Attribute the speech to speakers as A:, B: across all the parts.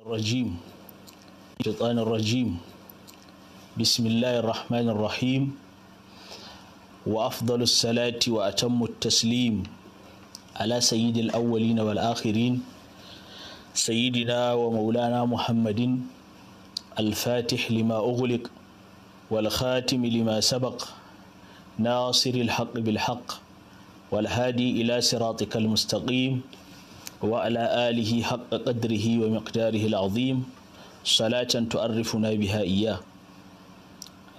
A: الرجيم الشيطان الرجيم بسم الله الرحمن الرحيم وأفضل الصلاة وأتم التسليم على سيد الأولين والآخرين سيدنا ومولانا محمد الفاتح لما أغلق والخاتم لما سبق ناصر الحق بالحق والهادي إلى صراطك المستقيم wa ala alihi haqqa qadrihi wa miqdarihi al'azim salatan tu'arrifuna biha iya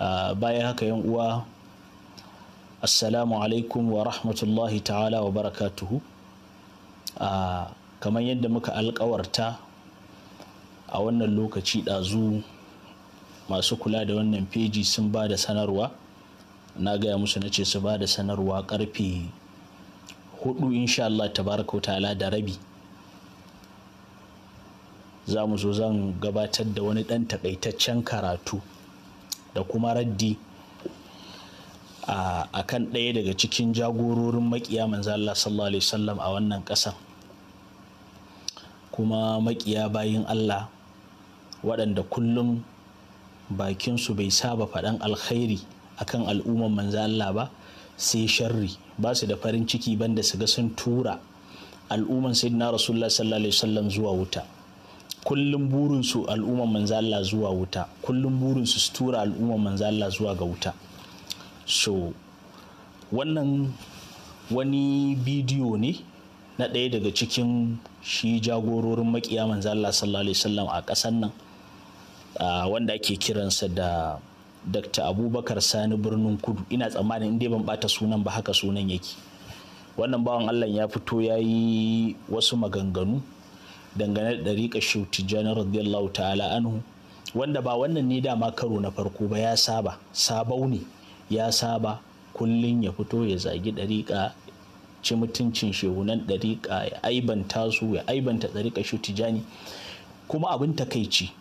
A: ah, bayan haka yan uwa assalamu alaikum wa rahmatullahi ta'ala wa barakatuhu ah, kaman yadda muka alƙawarta a wannan lokaci ɗazu masu kula da wannan feji sun ba da sanarwa na gaya musu na ce su ba da sanarwa karfe 4 insha Allah tabaraka wa da rabi za mu zo zan gabatar da wani ɗan takaitaccen karatu da kuma raddi a kan ɗaya daga cikin jagororin maƙiya manzala Allah sallallahu alaihi wasallam a wannan ƙasan kuma maƙiya bayin Allah waɗanda kullum bakinsu bai saba faɗan alkhairi akan al'umman manzan Allah ba sai sharri ba su da farin ciki banda su ga sun tura al'umman sayyidina rasulullah sallallahu alaihi wasallam zuwa wuta kullum burinsu al'umman manzo zuwa wuta kullum burinsu su tura al'umman manzo zuwa ga wuta so wannan wani bidiyo ne na ɗaya daga cikin shi jagororin makiya Manzala sallallahu alaihi wasallam a ƙasar nan wanda ake kiransa da Dr. Abubakar Sani Birnin Kudu ina tsammanin inda ban bata sunan ba haka sunan yake wannan bawan Allah ya fito ya yi wasu maganganu dangane da ɗariƙa shuti janar radiyallahu ta'ala anhu wanda ba wannan ne dama karo na farko ba ya saba sabau ne ya saba kullum ya fito ya zagi dariƙa ci mutuncin shehunan dariƙa ya aibanta su ya aibanta dariƙa shehu kuma abin takaici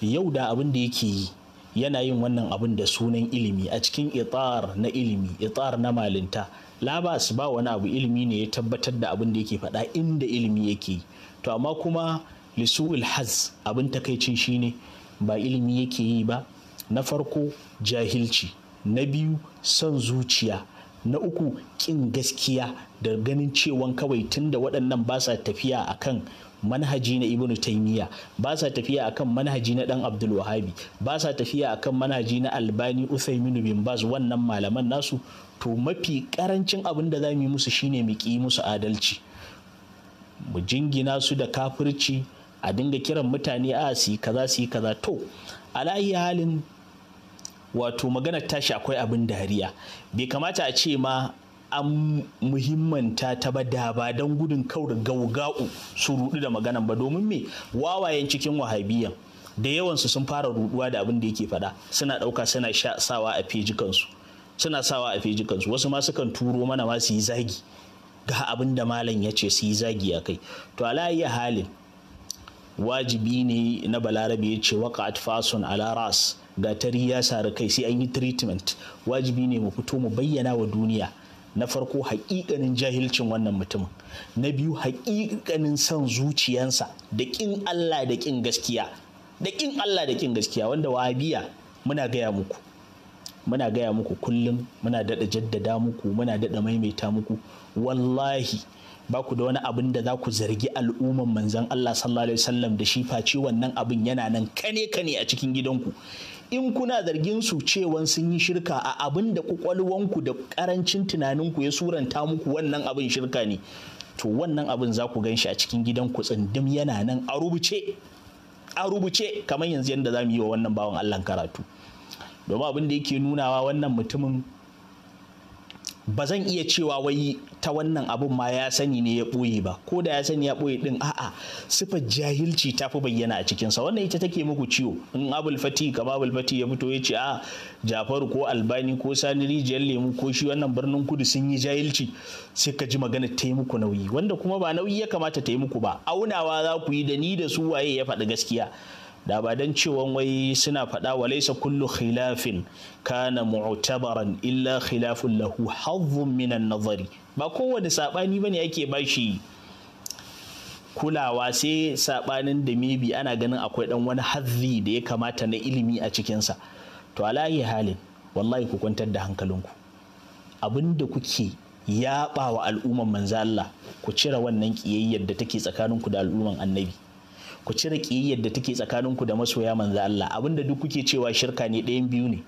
A: yau da abin da yake yi yana yin wannan abin da sunan ilimi a cikin itar na ilimi itar na malinta labas ba wani abu ilimi ne ya tabbatar da abin da yake faɗa inda ilimi yake yi to amma kuma lisu'ul haz abin takaicin shine ba ilimi yake yi ba na farko jahilci na biyu son zuciya na uku kin gaskiya da ganin cewan kawai tunda waɗannan ba sa tafiya akan manhaji na ibnu taymiya ba sa tafiya akan manhaji na dan abdul wahabi ba sa tafiya akan manhaji na albani usaiminu bin baz wannan malaman nasu to mafi karancin abin da za mu yi musu shine mu ki musu adalci mu jingina su da kafirci a dinga kiran mutane a su yi kaza su yi kaza to alayi halin wato magana tashi akwai abin dariya bai kamata a ce ma an muhimmanta ta ba da ba don gudun kaura gaugau su rudu da magana ba domin me wawayen cikin wahabiyan da yawansu sun fara ruduwa da abin da yake faɗa suna ɗauka suna sawa a fejikansu suna sawa a fejikansu wasu ma sukan turo mana ma su yi zagi ga abin da malam ya ce su yi zagi a kai to alayya halin wajibi ne na balarabe ya ce waka atfason ala ras ga tari ya sari kai sai an yi treatment wajibi ne mu fito mu bayyana wa duniya na farko haƙiƙanin jahilcin wannan mutumin na biyu haƙiƙanin son zuciyansa da ƙin Allah da ƙin gaskiya da ƙin Allah da ƙin gaskiya wanda wahabiya muna gaya muku muna gaya muku kullum muna daɗa jaddada muku muna daɗa maimaita muku wallahi ba ku da wani abin da za ku zargi al'umman manzan Allah sallallahu alaihi wasallam da shi face wannan abin yana nan kane kane a cikin gidanku in kuna zargin su cewan sun yi shirka a abin da kwakwalwanku da karancin tunaninku ya suranta muku wannan abin shirka ne to wannan abin za ku gan shi a cikin gidanku tsindim yana nan a rubuce a rubuce kamar yanzu yadda za mu yi wa wannan bawan Allah karatu domin abin da yake nunawa wannan mutumin ba zan iya cewa wai ta wannan abun ma ya sani ne ya ɓoye ba ko da ya sani ya ɓoye ɗin a'a sifar jahilci ta fi bayyana a cikinsa wannan ita take muku ciwo in abul fati kama abul fati ya fito ya ce a jafaru ko albani ko sani rijiyar lemu ko shi wannan birnin kudu sun yi jahilci sai ka ji magana ta yi muku nauyi wanda kuma ba nauyi ya kamata ta yi muku ba aunawa za ku yi da ni da su waye ya faɗi gaskiya da ba dan cewa wai suna faɗa wa laisa kullu khilafin kana mu'tabaran illa khilafun lahu hazzun minan nazari ba kowane saɓani bane ake bashi kulawa sai saɓanin da maybe ana ganin akwai ɗan wani hazzi da ya kamata na ilimi a cikin sa to alayi halin wallahi ku kwantar da hankalinku abin da kuke yaɓa wa al'umman manzo Allah ku cire wannan ƙiyayyar da take tsakaninku da al'umman annabi ku cire ƙiyayyar da take tsakaninku da masoya manza Allah abinda duk kuke cewa shirka ne ɗayan biyu ne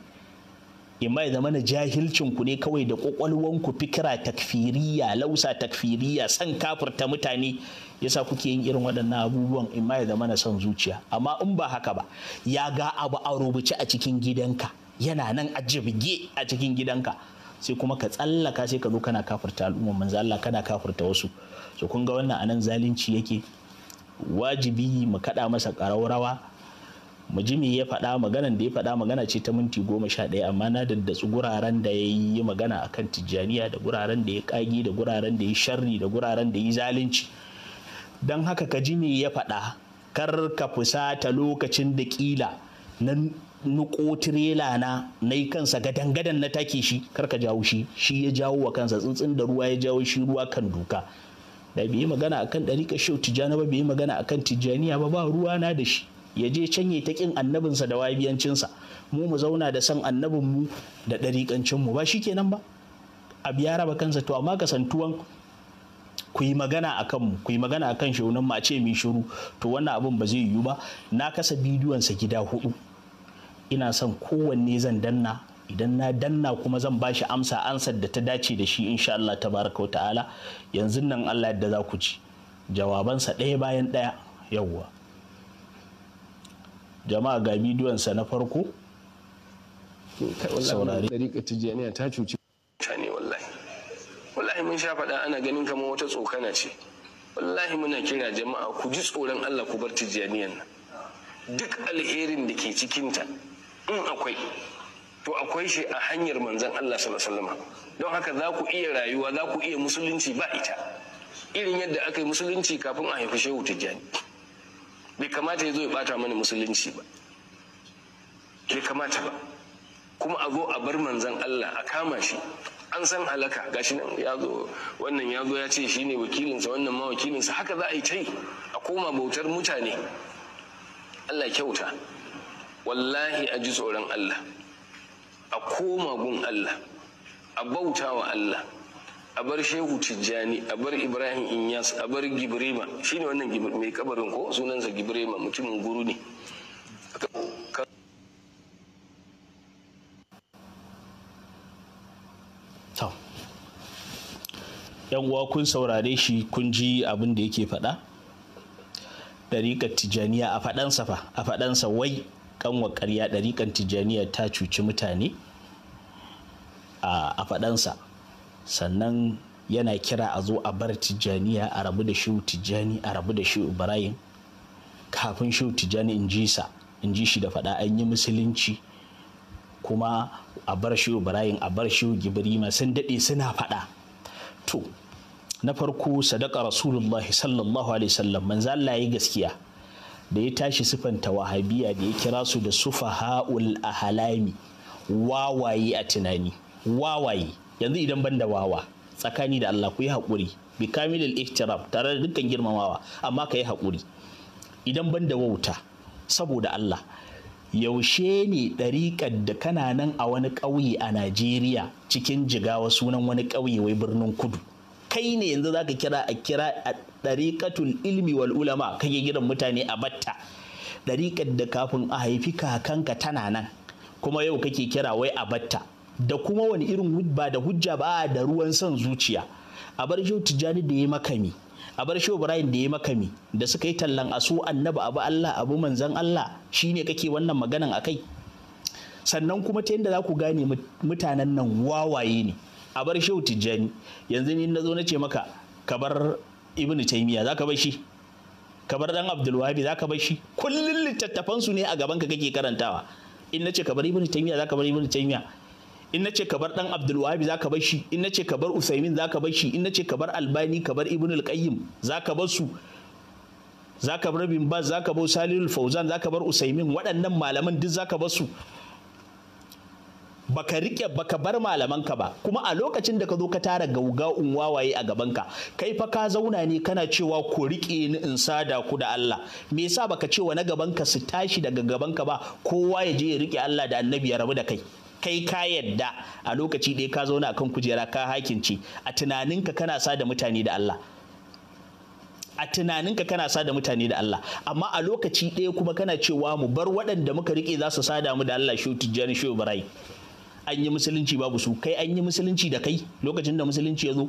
A: imma ya zama na jahilcin ku ne kawai da ku fikira takfiriya lausa takfiriya san kafirta mutane yasa kuke yin irin waɗannan abubuwan imma ya zama na son zuciya amma in ba haka ba ya ga abu a rubuce a cikin gidanka yana nan a jibge a cikin gidanka sai kuma ka tsallaka sai ka zo kana kafirta al'umma manza Allah kana kafirta wasu so kun ga wannan anan zalunci yake wajibi mu kaɗa masa ƙaraurawa mu ji me ya faɗa maganan da ya faɗa magana ce ta minti goma sha ɗaya amma na daddatsu guraren da ya yi magana a kan tijjaniya da guraren da ya ƙagi da guraren da ya sharri da guraren da ya zalunci don haka ka ji me ya faɗa kar ka fusata lokacin da ƙila na nuko tirela na na yi kansa gadan-gadan na take shi kar ka jawo shi shi ya jawo wa kansa tsuntsun da ruwa ya jawo shi ruwa kan doka. da bai yi magana akan ɗariƙar shau tijjani ba bai magana akan tijjaniya ba ba ruwa na da shi ya je canye ta ƙin annabinsa da wabiyancinsa mu mu zauna da san annabinmu da ɗariƙancinmu ba shi kenan ba abu ya raba kansa to amma kasantuwan ku yi magana a kanmu ku yi magana a kan shaunan mu ce mai shiru to wannan abin ba zai yiwu ba na kasa bidiyonsa gida huɗu ina son kowanne zan danna idan na danna kuma zan ba shi amsa ansar da ta dace da shi insha Allah tabaraka wa ta'ala yanzu nan Allah yadda za ku ci jawabansa ɗaya bayan ɗaya yawwa jama'a ga bidiyonsa na farko saurari tijjaniya ta cuci
B: ne wallahi wallahi mun sha faɗa ana ganin kamar wata tsokana ce wallahi muna kira jama'a ku ji tsoron Allah ku bar tijjaniyan nan duk alherin da ke cikinta in akwai to akwai shi a hanyar manzan Allah sallallahu don haka za ku iya rayuwa za ku iya musulunci ba ita irin yadda aka yi musulunci kafin a haifi shehu tijjani bai kamata ya zo ya bata mana musulunci ba bai kamata ba kuma a zo a bar manzan Allah a kama shi an san halaka gashi nan ya zo wannan ya zo ya ce shi ne wakilinsa wannan ma wakilinsa haka za a yi ta yi a koma bautar mutane Allah kyauta wallahi a ji tsoron Allah a koma gun Allah a bauta wa Allah a bar shehu tijjani a bar ibrahim inyas a bar gibrima shine wannan mai kabarin ko sunansa gibrima mutumin guru ne
A: yan uwa kun saurare shi kun ji abin da yake faɗa dariƙar tijjaniya a faɗansa fa a faɗansa wai kanwa karya ɗariƙan tijjaniya ta cuci mutane a faɗansa sannan yana kira a zo a bar tijjaniya a rabu da shehu tijjani a rabu da shi ibrahim kafin shehu tijjani in ji sa in ji shi da faɗa an yi musulunci kuma a bar shi ibrahim a bar shi gibrima sun daɗe suna faɗa to na farko sadaka rasulullahi sallallahu alaihi sallam manzo Allah ya gaskiya da ya tashi sifanta wahabiya da ya kira su da sufa ha'ul ahalami wawaye a tunani wawaye yanzu idan ban da wawa tsakani da Allah ku yi haƙuri bi kamilil ihtiram tare da dukkan girmamawa amma ka yi haƙuri idan ban da wauta saboda Allah yaushe ne ɗariƙar da kana nan a wani ƙauye a Najeriya cikin jigawa sunan wani ƙauye wai birnin kudu kai ne yanzu za ka kira a kira ɗariƙatul ilmi wal ulama kake gidan mutane a batta ɗariƙar da kafin a haifi kakanka tana nan kuma yau kake kira wai a batta da kuma wani irin ba da hujja ba da ruwan son zuciya a bar shi tijjani da ya makami a bar shi ibrahim da ya makami da suka yi tallan asu annabi abu allah abu manzan allah shine kake wannan maganan akai sannan kuma ta yadda za ku gane mutanen nan wawaye ne a bar shi tijjani yanzu ni na zo na ce maka ka bar ibn taymiya zaka bar shi kabar bar dan abdul wahabi zaka bar shi kullun littattafan su ne a gaban ka kake karantawa in nace ka bar ibn taymiya zaka bar ibn taymiya in nace ka bar dan abdul wahabi zaka bar shi in nace kabar bar usaimin zaka bar shi in nace ka bar albani kabar ibn al-qayyim zaka bar su zaka bar bin baz zaka bar salilul fauzan zaka bar usaimin waɗannan malaman duk zaka bar su baka rike baka bar malamanka ba kuma a lokacin da ka zo ka tara gauga wawaye a gabanka kai fa ka zauna ne kana cewa ku rike ni in sada ku da Allah me yasa baka cewa na gabanka su tashi daga gabanka ba kowa ya je ya rike Allah da Annabi ya rabu da kai kai ka yadda a lokaci ɗaya ka zauna akan kujera ka hakince a tunaninka kana sada mutane da Allah a tunaninka kana sada mutane da Allah amma a lokaci ɗaya kuma kana cewa mu bar waɗanda muka rike za su sada mu da Allah shu tijjani shu barai an yi musulunci babu su kai an yi musulunci da kai lokacin da musulunci ya zo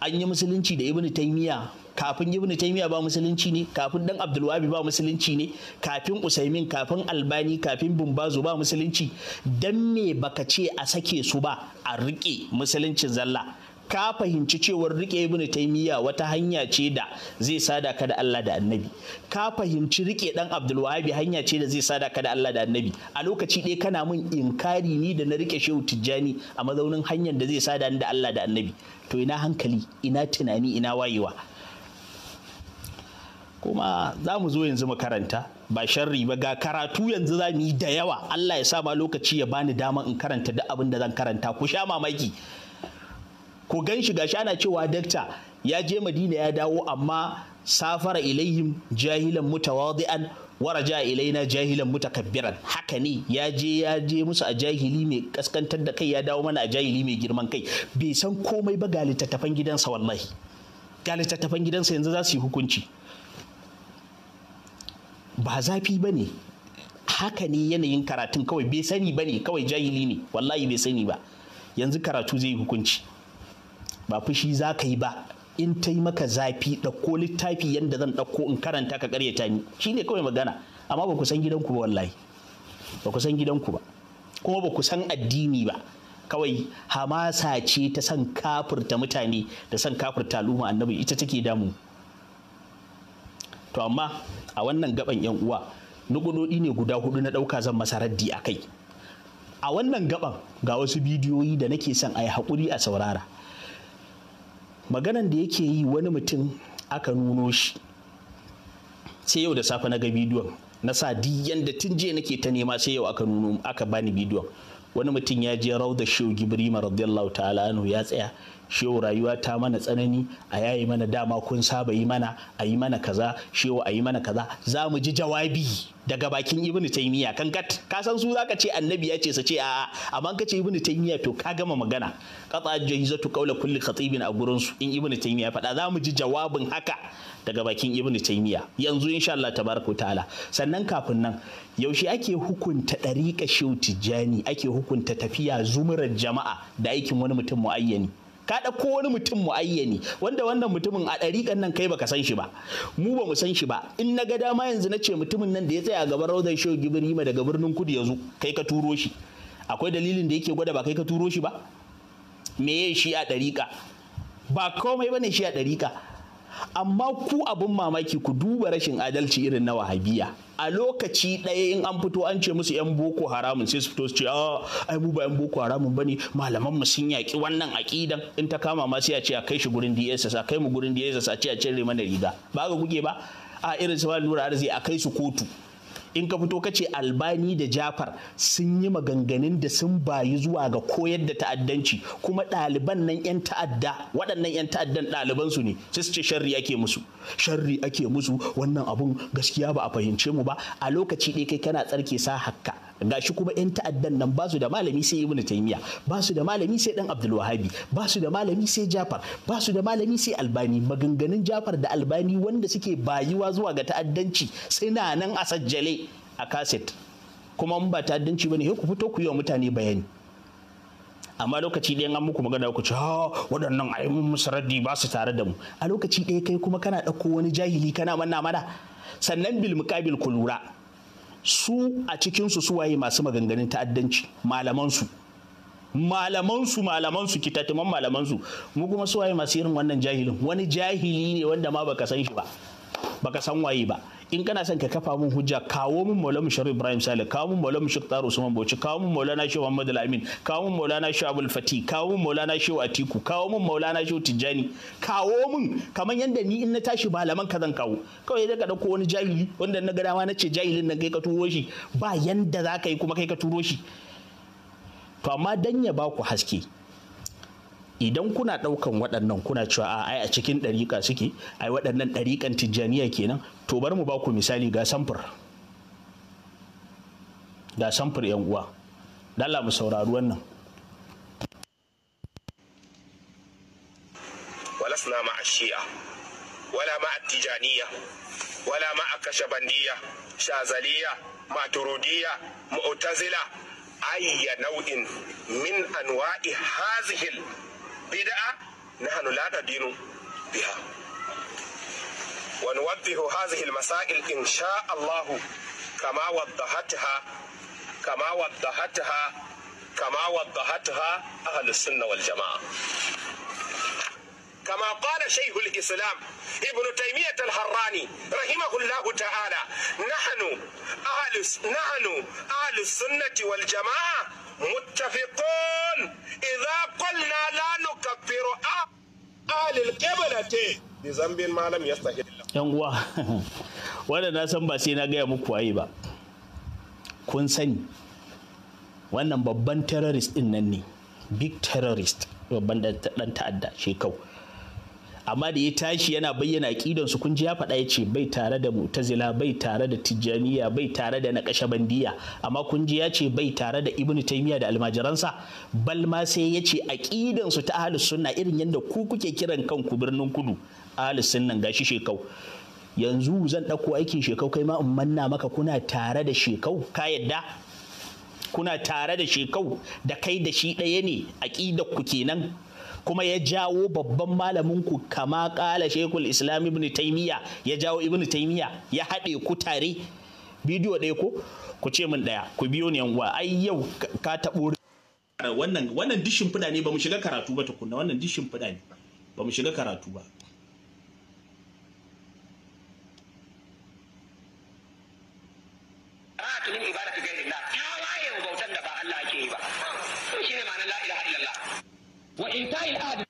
A: an yi musulunci da ibnu taymiya kafin ibnu taymiya ba musulunci ne kafin dan abdulwabi ba musulunci ne kafin usaimin kafin albani kafin bumbazo ba musulunci dan me baka ce a sake su ba a rike musuluncin zalla ka fahimci cewar rike ibnu miya wata hanya ce da zai sada ka da Allah da annabi ka fahimci rike dan abdul hanya ce da zai sada ka da Allah da annabi a lokaci ɗaya kana mun inkari ni da na rike shehu tijjani a mazaunin hanyar da zai sada ni da Allah da annabi to ina hankali ina tunani ina wayewa kuma za mu zo yanzu mu karanta ba sharri ba ga karatu yanzu za mu yi da yawa Allah ya sa ma lokaci ya bani dama in karanta duk abin da zan karanta ku sha mamaki Ko gan shi gashi ana cewa dakta ya je madina ya dawo amma safara ilayhim jahilan mutawadi'an waraja ilaina jahilan mutakabbiran haka ne ya je ya je musu a jahili mai kaskantar da kai ya dawo mana a jahili mai girman kai bai san komai ba ga littattafan gidansa wallahi ga littattafan gidansa yanzu za su yi hukunci ba zafi ba ne haka ne yanayin karatun kawai bai sani ba ne kawai jahili ne wallahi bai sani ba yanzu karatu zai yi hukunci ba fushi za ka yi ba in ta yi maka zafi ɗauko littafi yadda zan ɗauko in karanta ka karyata ni shi ne kawai magana amma ba ku san gidanku ba wallahi ba ku san gidanku ba kuma ba ku san addini ba kawai hamasa ce ta san kafurta mutane da san kafurta al'umma annabi ita take damu to amma a wannan gaban yan uwa nugudodi ne guda hudu na ɗauka zan masa raddi a kai a wannan gaban ga wasu bidiyoyi da nake son a yi haƙuri a saurara maganan da yake yi wani mutum aka nuno shi sai yau da safe na ga bidiyon na sa diyan tun jiya nake ta nema sai yau aka nuno aka bani bidiyon wani mutum ya je rawda shehu gibrima radiyallahu ta'ala anhu ya tsaya shehu rayuwa ta mana tsanani a yayi mana dama kun saba yi mana a yi mana kaza shehu a yi mana kaza za mu ji jawabi daga bakin ibnu taymiya kan ka san su zaka ce annabi ya ce sace ce a'a amma ka ce ibnu taymiya to ka gama magana qata jahizatu qawla kulli khatibin a gurin su in ibnu taymiya faɗa za mu ji jawabin haka daga bakin ibnu taymiya yanzu insha Allah tabaraka ta'ala sannan kafin nan yaushe ake hukunta Ɗarika, shautijani tijjani ake hukunta tafiya zumurar jama'a da aikin wani mutum muayyani ka ko wani mutum mu ayyani wanda wannan mutumin a ɗariƙan nan kai baka san shi ba mu ba mu san shi ba in na ga dama yanzu na ce mutumin nan da ya tsaya gaban raudar shehu gibrima daga birnin kudu ya zo kai ka turo shi akwai dalilin da yake gwada ba kai ka turo shi ba me shi a ɗariƙa ba komai bane shi a ɗariƙa amma ku abin mamaki ku duba rashin adalci irin na wahabiya a lokaci ɗaya in an fito an ce musu 'yan boko haramun sai su fito su ce a ah, ai ba 'yan boko haramun bane malaman mu sun yaƙi wannan aƙidan in ta kama ma sai a ce a kai shi gurin DSS a kai mu gurin DSS a ce a cire mana riga ba ga guge ba a irin su nura arziki a kai su kotu in ka fito ka ce albani da jafar sun yi maganganun da sun bayi zuwa ga koyar da ta'addanci kuma ɗaliban nan 'yan ta'adda waɗannan 'yan ta'addan ɗalibansu ne sai su ce sharri ake musu sharri ake musu wannan abun gaskiya ba a fahimce mu ba a lokaci ɗaya kai kana tsarke sa hakka gashi kuma yan ta'addan nan ba su da malami sai ibnu taymiya ba su da malami sai dan abdulwahabi wahabi ba su da malami sai jafar ba su da malami sai albani maganganun jafar da albani wanda suke bayiwa zuwa ga ta'addanci suna nan a sajjale a kaset kuma mun ba ta'addanci bane he ku fito ku yi wa mutane bayani amma lokaci ɗaya an muku magana ku ce ha waɗannan ai mun musaradi ba su tare da mu a lokaci ɗaya kai kuma kana ɗauko wani jahili kana manna mana sannan bil muqabil ku lura su a cikinsu suwaye masu maganganun ta'addanci malamansu malamansu malamansu kitatiman malamansu mu kuma suwaye masu irin wannan jahilin wani jahili ne wanda ma baka san shi ba baka san waye ba in kana son ka kafa mun hujja kawo mun maulana sharif ibrahim sale kawo mun maulana shek taro usman bauchi kawo mun maulana shehu muhammad al-amin kawo mun maulana shehu abul fati kawo mun maulana shehu atiku kawo mun maulana shehu tijjani kawo mun kamar yadda ni in na tashi malaman ka zan kawo kawai daga dauko wani jahili wanda na ga dama na ce jahilin nan kai ka turo shi ba yanda za ka yi kuma kai ka turo shi to amma dan ya ba ku haske idan kuna ɗaukan waɗannan kuna cewa a ai a cikin ɗariƙa suke ai waɗannan ɗariƙan tijjaniya kenan to bari mu ba ku misali ga samfur ga samfur yan uwa dala mu saurari wannan
B: walasna ma a shi'a wala ma a tijaniya wala ma a kashabandiya shazaliya maturudiya mu'tazila ayya nau'in min anwa'i hazihil بدعة نحن لا ندين بها ونوضح هذه المسائل إن شاء الله كما وضحتها كما وضحتها كما وضحتها أهل السنة والجماعة كما قال شيخ الإسلام ابن تيمية الحراني رحمه الله تعالى نحن أهل نحن أهل السنة والجماعة متفقون إذا قلنا لا نكفر أهل القبلة
A: بذنب ما لم يستحل yan uwa wanda na san ba sai na gaya muku waye ba kun sani wannan babban terrorist din nan ne big terrorist babban dan ta'adda shekau amma da ya tashi yana bayyana aqidan su kun ji ya faɗa yace bai tare da mu'tazila bai tare da tijjaniya bai tare da naqashbandiya amma kun ji yace bai tare da ibnu taymiya da almajiransa bal ma sai yace aqidan su ta ahlus sunna irin yadda ku kuke kiran kanku birnin kudu ahlus sunnan gashi shekau yanzu zan ɗauko aikin shekau kai ma in manna maka kuna tare da shekau ka yadda kuna tare da shekau da kai da shi ɗaya ne aƙidar ku kenan kuma ya jawo babban malamin ku kama kala shekul islam ibn taimiyya ya jawo ibn taimiyya ya haɗe ku tare bidiyo ɗaya ko ku ce min ɗaya ku biyo ni uwa ai yau ka taɓo wannan wannan dishin fida ne ba mu shiga karatu ba tukunna wannan dishin fida ne ba mu shiga karatu ba
B: وإنتاء الآدم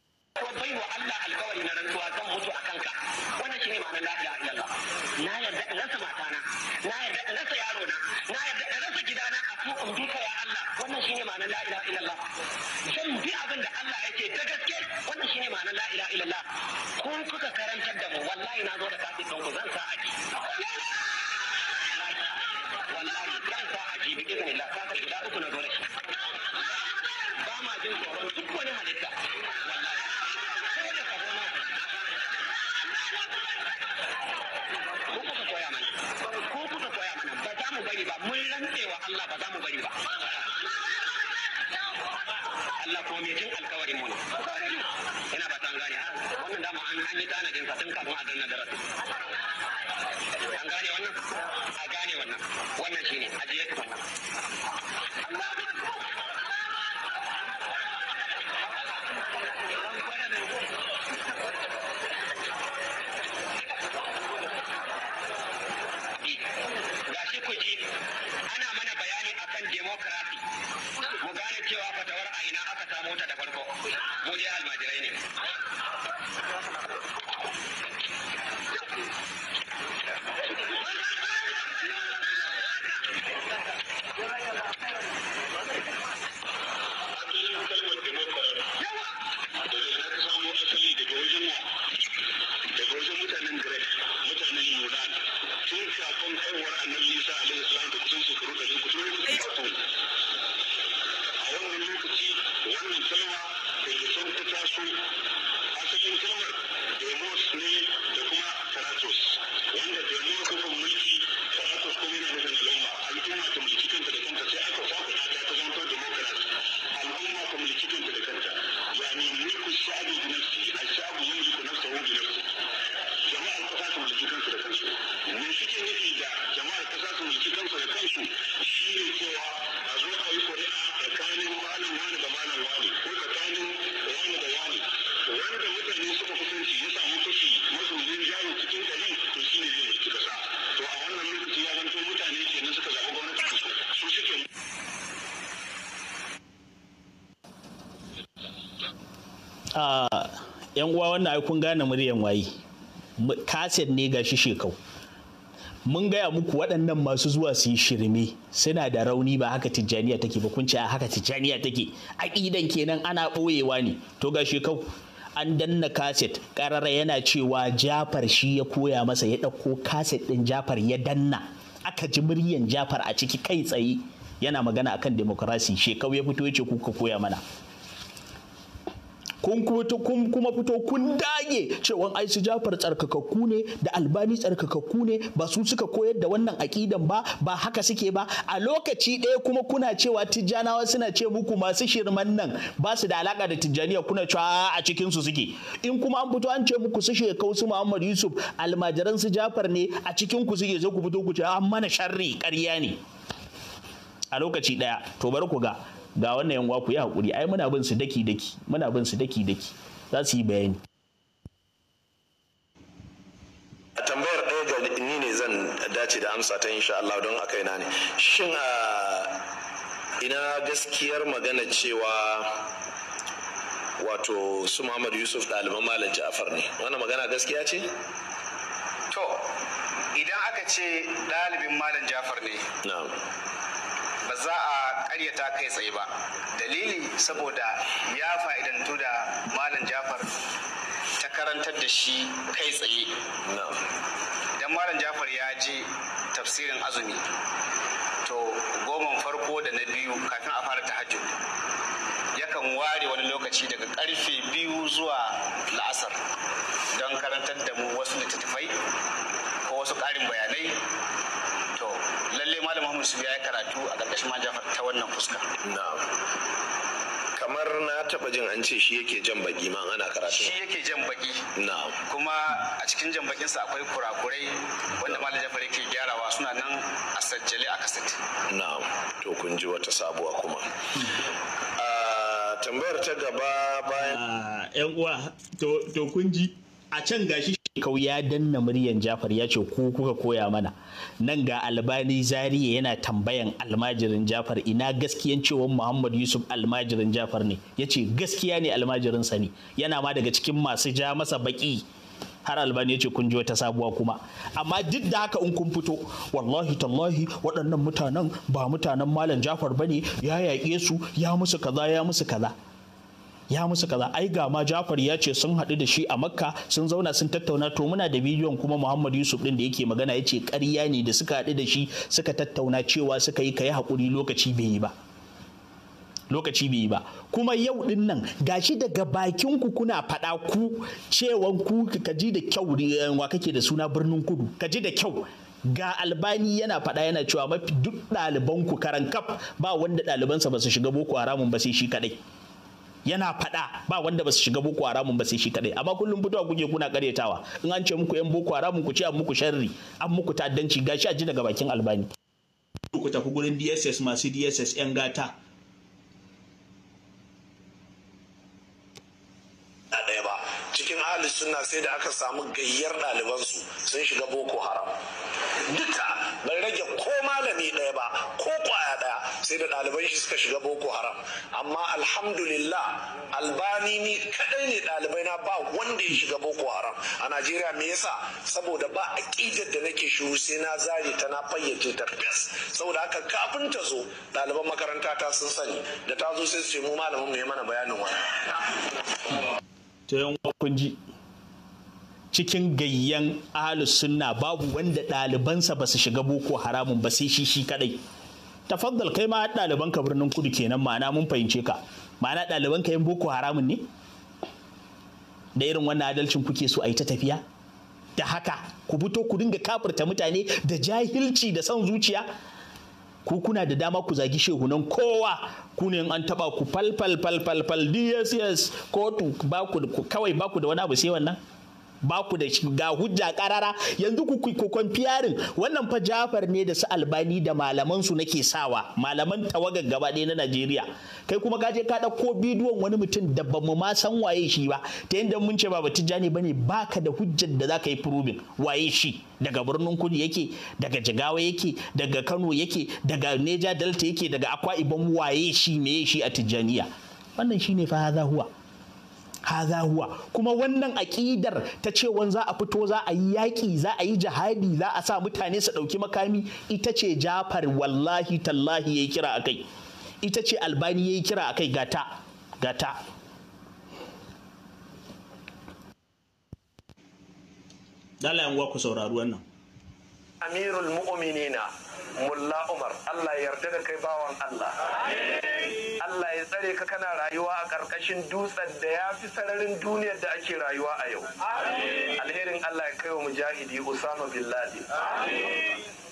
B: ko kuka koya mana ko kuka koya mana ba za mu bari ba mun rantsewa Allah ba za mu bari ba Allah ko mai cin alkawarin mu ne ina ba tan gane wannan dama an an yi tanadin sa tun kafin a danna darasi an gane wannan a gane wannan wannan shine ajiye wannan Allahu akbar democrático.
A: wannan ai kun gane muryan waye kaset ne gashi shekau mun gaya muku waɗannan masu zuwa su yi shirme suna da rauni ba haka tijjaniya take ba kun ce a haka tijjaniya take aƙidan kenan ana ɓoyewa ne to ga shekau an danna kaset ƙarara yana cewa jafar shi ya koya masa ya ɗauko kaset ɗin jafar ya danna aka ji muryan jafar a ciki kai tsaye yana magana akan demokrasi shekau ya fito ya ce kuka koya mana kun kuma fito kun dage cewa ai su jafar tsarkakakku ne da albani tsarkakakku ne ba su suka koyar da wannan aƙidan ba ba haka suke ba a lokaci ɗaya kuma kuna cewa tijjanawa suna ce muku masu shirman nan ba su da alaka da tijjaniya kuna cewa a cikin su suke in kuma an fito an ce muku su shekau su Muhammad Yusuf almajiran su Jafar ne a cikin ku suke zo ku fito ku ce an mana sharri ƙarya ne a lokaci ɗaya to bari ku ga ga wannan yan ku ya hakuri ai muna bin su daki daki muna bin su daki daki za su yi bayani
B: a tambayar ɗaya ga ni ne zan dace da amsa ta insha Allah don a kaina ne shin a ina gaskiyar magana cewa wato su Muhammad Yusuf ɗaliban Malam Ja'far ne wannan magana gaskiya ce to idan aka ce ɗalibin Malam Ja'far ne na'am za a karyata kai tsaye ba dalili saboda ya fa'idantu da malam jafar ta karantar da shi kai tsaye idan malam jafar ya je tafsirin azumi to goman farko da na biyu kafin a fara tahajjud yakan
A: ware wani lokaci daga karfe biyu zuwa la'asar don karantar da mu wasu littattafai ko wasu ƙarin bayanai
B: yusuf ya yi karatu a ƙarƙashin man ta wannan fuska kamar na taɓa jin an ce shi yake jan baki ma ana karatu shi yake jan baki kuma a cikin jan bakinsa akwai kurakurai wanda malam jafar yake gyarawa suna nan a sajjale a kaset na to kun ji wata sabuwa kuma hmm. ah,
A: tambayar ta gaba bayan yan ah, uwa to kun ji a can gashi shekau ya danna muryan jafar ya ce ku kuka koya mana nan ga albani zariya yana tambayan almajirin jafar ina gaskiyan cewa muhammad yusuf almajirin jafar ne ya ce gaskiya ne almajirin Sani? yana ma daga cikin masu ja masa baki har albani ya ce kun ji wata sabuwa kuma amma duk da haka in kun fito wallahi tallahi waɗannan mutanen ba mutanen malam jafar ba ne. ya yaƙe su ya musu kaza ya musu kaza ya musu kaza ai ga ma Jafar ya ce sun haɗu da shi a Makka sun zauna sun tattauna to muna da bidiyon kuma Muhammad Yusuf din da yake magana ya ce ƙarya ne da suka haɗu da shi suka tattauna cewa suka yi kai haƙuri lokaci bai yi ba lokaci bai yi ba kuma yau din nan gashi daga bakin ku kuna faɗa ku cewan ku ji da kyau eh, wa kake da suna birnin kudu kaji da kyau ga albani yana faɗa yana cewa mafi duk ɗaliban ku karan kaf ba wanda ɗalibansa ba su shiga boko haramun ba sai shi kaɗai yana faɗa ba wanda ba su shiga boko haramun ba sai shi kadai amma kullum fitowa kuke kuna karyatawa in an ce muku yan boko haramun ku ce an muku sharri an muku ta'addanci gashi a ji daga bakin albani ku tafi gurin DSS masu DSS yan gata
B: ɗaya ba cikin ahli sunna sai da aka samu gayyar ɗalibansu sun shiga boko haram duka ban rage ko malami ɗaya ba ko kwaya ɗaya sai da ɗaliban shi suka shiga boko haram amma alhamdulillah albani ni kaɗai ne ɗalibai na ba wanda ya shiga boko haram a najeriya me yasa saboda ba aƙidar da nake shiru sai na zare ta na fayyace ta fes saboda haka kafin ta zo ɗaliban makaranta ta sun sani da ta zo sai su ce mu malamin mu ya mana
A: bayanin wani. ta yan kun ji cikin gayyan ahlus sunna babu wanda ɗalibansa ba su shiga boko haramun ba sai shi shi kadai tafaddal kai ma ɗaliban ka birnin kudu kenan ma'ana mun fahimce ka ma'ana ɗaliban ka yin boko haramun ne da irin wannan adalcin kuke so a yi ta tafiya da haka ku fito ku dinga kafirta mutane da jahilci da son zuciya ku kuna da dama ku zagi shehu shehunan kowa ku ne an taba ku fal fal fal fal fal dss kotu ba ku kawai ba ku da wani abu sai wannan ba ku da shi ga hujja karara yanzu ku ku piyarin wannan fa Jafar ne da su Albani da malaman su nake sawa malaman tawagar gaba ɗaya na Najeriya kai kuma ka je ka ɗauko bidiyon wani mutum da ba mu ma san waye shi ba ta yadda mun ce ba Tijjani bane ka da hujjar da za ka yi proving waye shi daga birnin kudu yake daga jigawa yake daga Kano yake daga Neja Delta yake daga Akwa Ibom waye shi me shi a Tijjaniya wannan shine fa za huwa haza huwa kuma wannan aƙidar ta cewa za a fito za a yi yaƙi za a yi jihadi za a sa mutane su ɗauki makami ita ce jafar wallahi tallahi ya yi kira a kai ita ce albani ya yi kira a kai gata gata Dala yanguwa ku saurari wannan. amirul mu'minina mulla
B: umar Allah ya yarda da kai bawan Allah Allah ya tsare ka kana rayuwa a ƙarƙashin dutsen da ya fi sararin duniyar da ake rayuwa a yau alherin Allah ya kai wa mujahidi usama bin Ladi.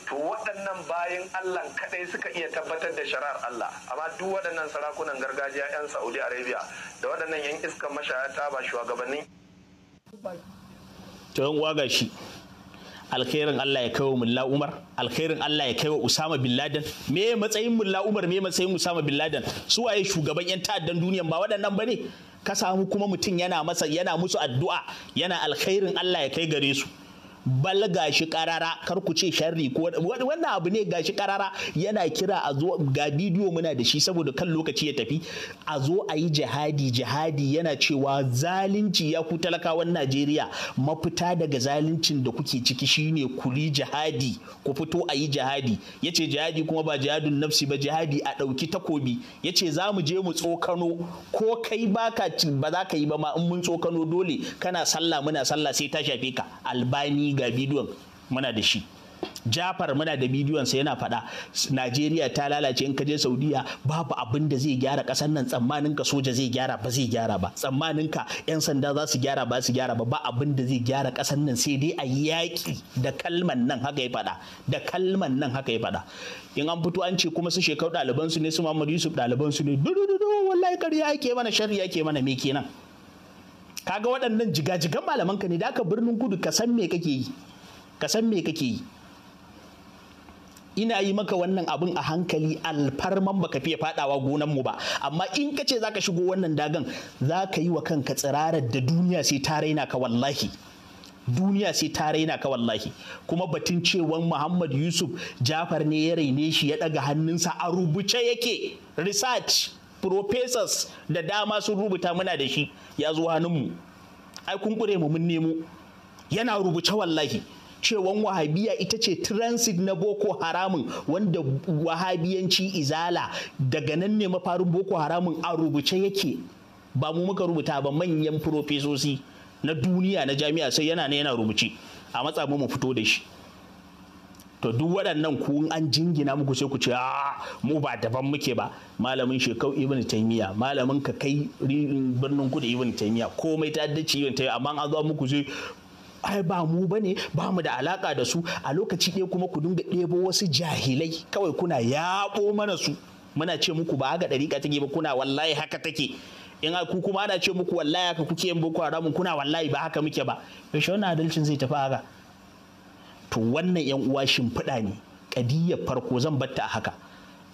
B: to waɗannan bayan Allah kaɗai suka iya tabbatar da shari'ar Allah amma duk waɗannan sarakunan gargajiya 'yan Saudi Arabia da waɗannan 'yan iskan mashaya ta ba shugabanni
A: Turan waga shi. alkhairin Allah ya kai wa mulla Umar alkhairin Allah ya kai wa Usama bin Laden me matsayin mulla Umar me matsayin Usama bin Laden su waye shugaban yan ta'addan duniya ba waɗannan bane ka samu kuma mutum yana masa yana musu addu'a yana alkhairin Allah ya kai gare su bal gashi karara kar ku ce sharri ko wannan abu ne gashi karara yana kira a zo ga bidiyo muna da shi saboda kan lokaci ya tafi a zo a yi jihadi jihadi yana cewa zalunci ya ku talakawan Najeriya mafita daga zaluncin da kuke ciki shine ku yi jihadi ku fito a yi jihadi yace jihadi kuma ba jihadun nafsi ba jihadi a ɗauki takobi yace za mu je mu tsokano ko kai baka ba za ka yi ba ma in mun tsokano dole kana sallah muna sallah sai ta shafe ka albani ga bidiyon muna da shi jafar muna da bidiyon sa yana faɗa najeriya ta lalace in ka je saudiya babu abin da zai gyara ƙasar nan tsammanin ka soja zai gyara ba zai gyara ba tsammanin ka 'yan sanda za su gyara ba su gyara ba ba abin da zai gyara ƙasar nan sai dai a yaki da kalman nan haka ya faɗa da kalman nan haka ya fada in an fito an ce kuma su shekau su ne su muhammadu yusuf su ne dudu wallahi ƙarya ake mana sharri ake mana me kenan kaga waɗannan jigajigan malamanka ne da aka birnin gudu ka san me kake yi ka san me kake yi ina yi maka wannan abin a hankali alfarman baka fiye fadawa gonan mu ba amma in kace zaka shigo wannan dagan zaka yi wa kanka tsirarar da duniya sai ta raina ka wallahi duniya sai ta raina ka wallahi kuma batun cewan Muhammad Yusuf Jafar ne ya raine shi ya daga hannunsa a rubuce yake research professors da dama sun rubuta muna da shi ya zo hannunmu ai kun kure mu mun nemo yana rubuce wallahi cewan wahabiya ita ce transit na boko haramun wanda wahabiyanci izala daga nan ne mafarin boko haramun a rubuce yake ba mu muka rubuta ba manyan profesosi na duniya na jami'a sai yana na yana rubuce a matsa mu fito da shi to duk waɗannan ku an jingina muku sai ku ce a mu ba daban muke ba malamin shekau ibn taymiya malamin ka kai birnin kudu ibn taymiya komai ta dace ibn taymiya amma an zo muku sai ai ba mu bane ba mu da alaka da su a lokaci ɗaya kuma ku dinga ɗebo wasu jahilai kawai kuna yaɓo mana su muna ce muku ba ga ɗariƙa take ba kuna wallahi haka take in ku kuma ana ce muku wallahi haka kuke yin boko haramun kuna wallahi ba haka muke ba yaushe wannan adalcin zai tafi haka to wannan yan uwa shimfiɗa ne kadiyar farko zan batta a haka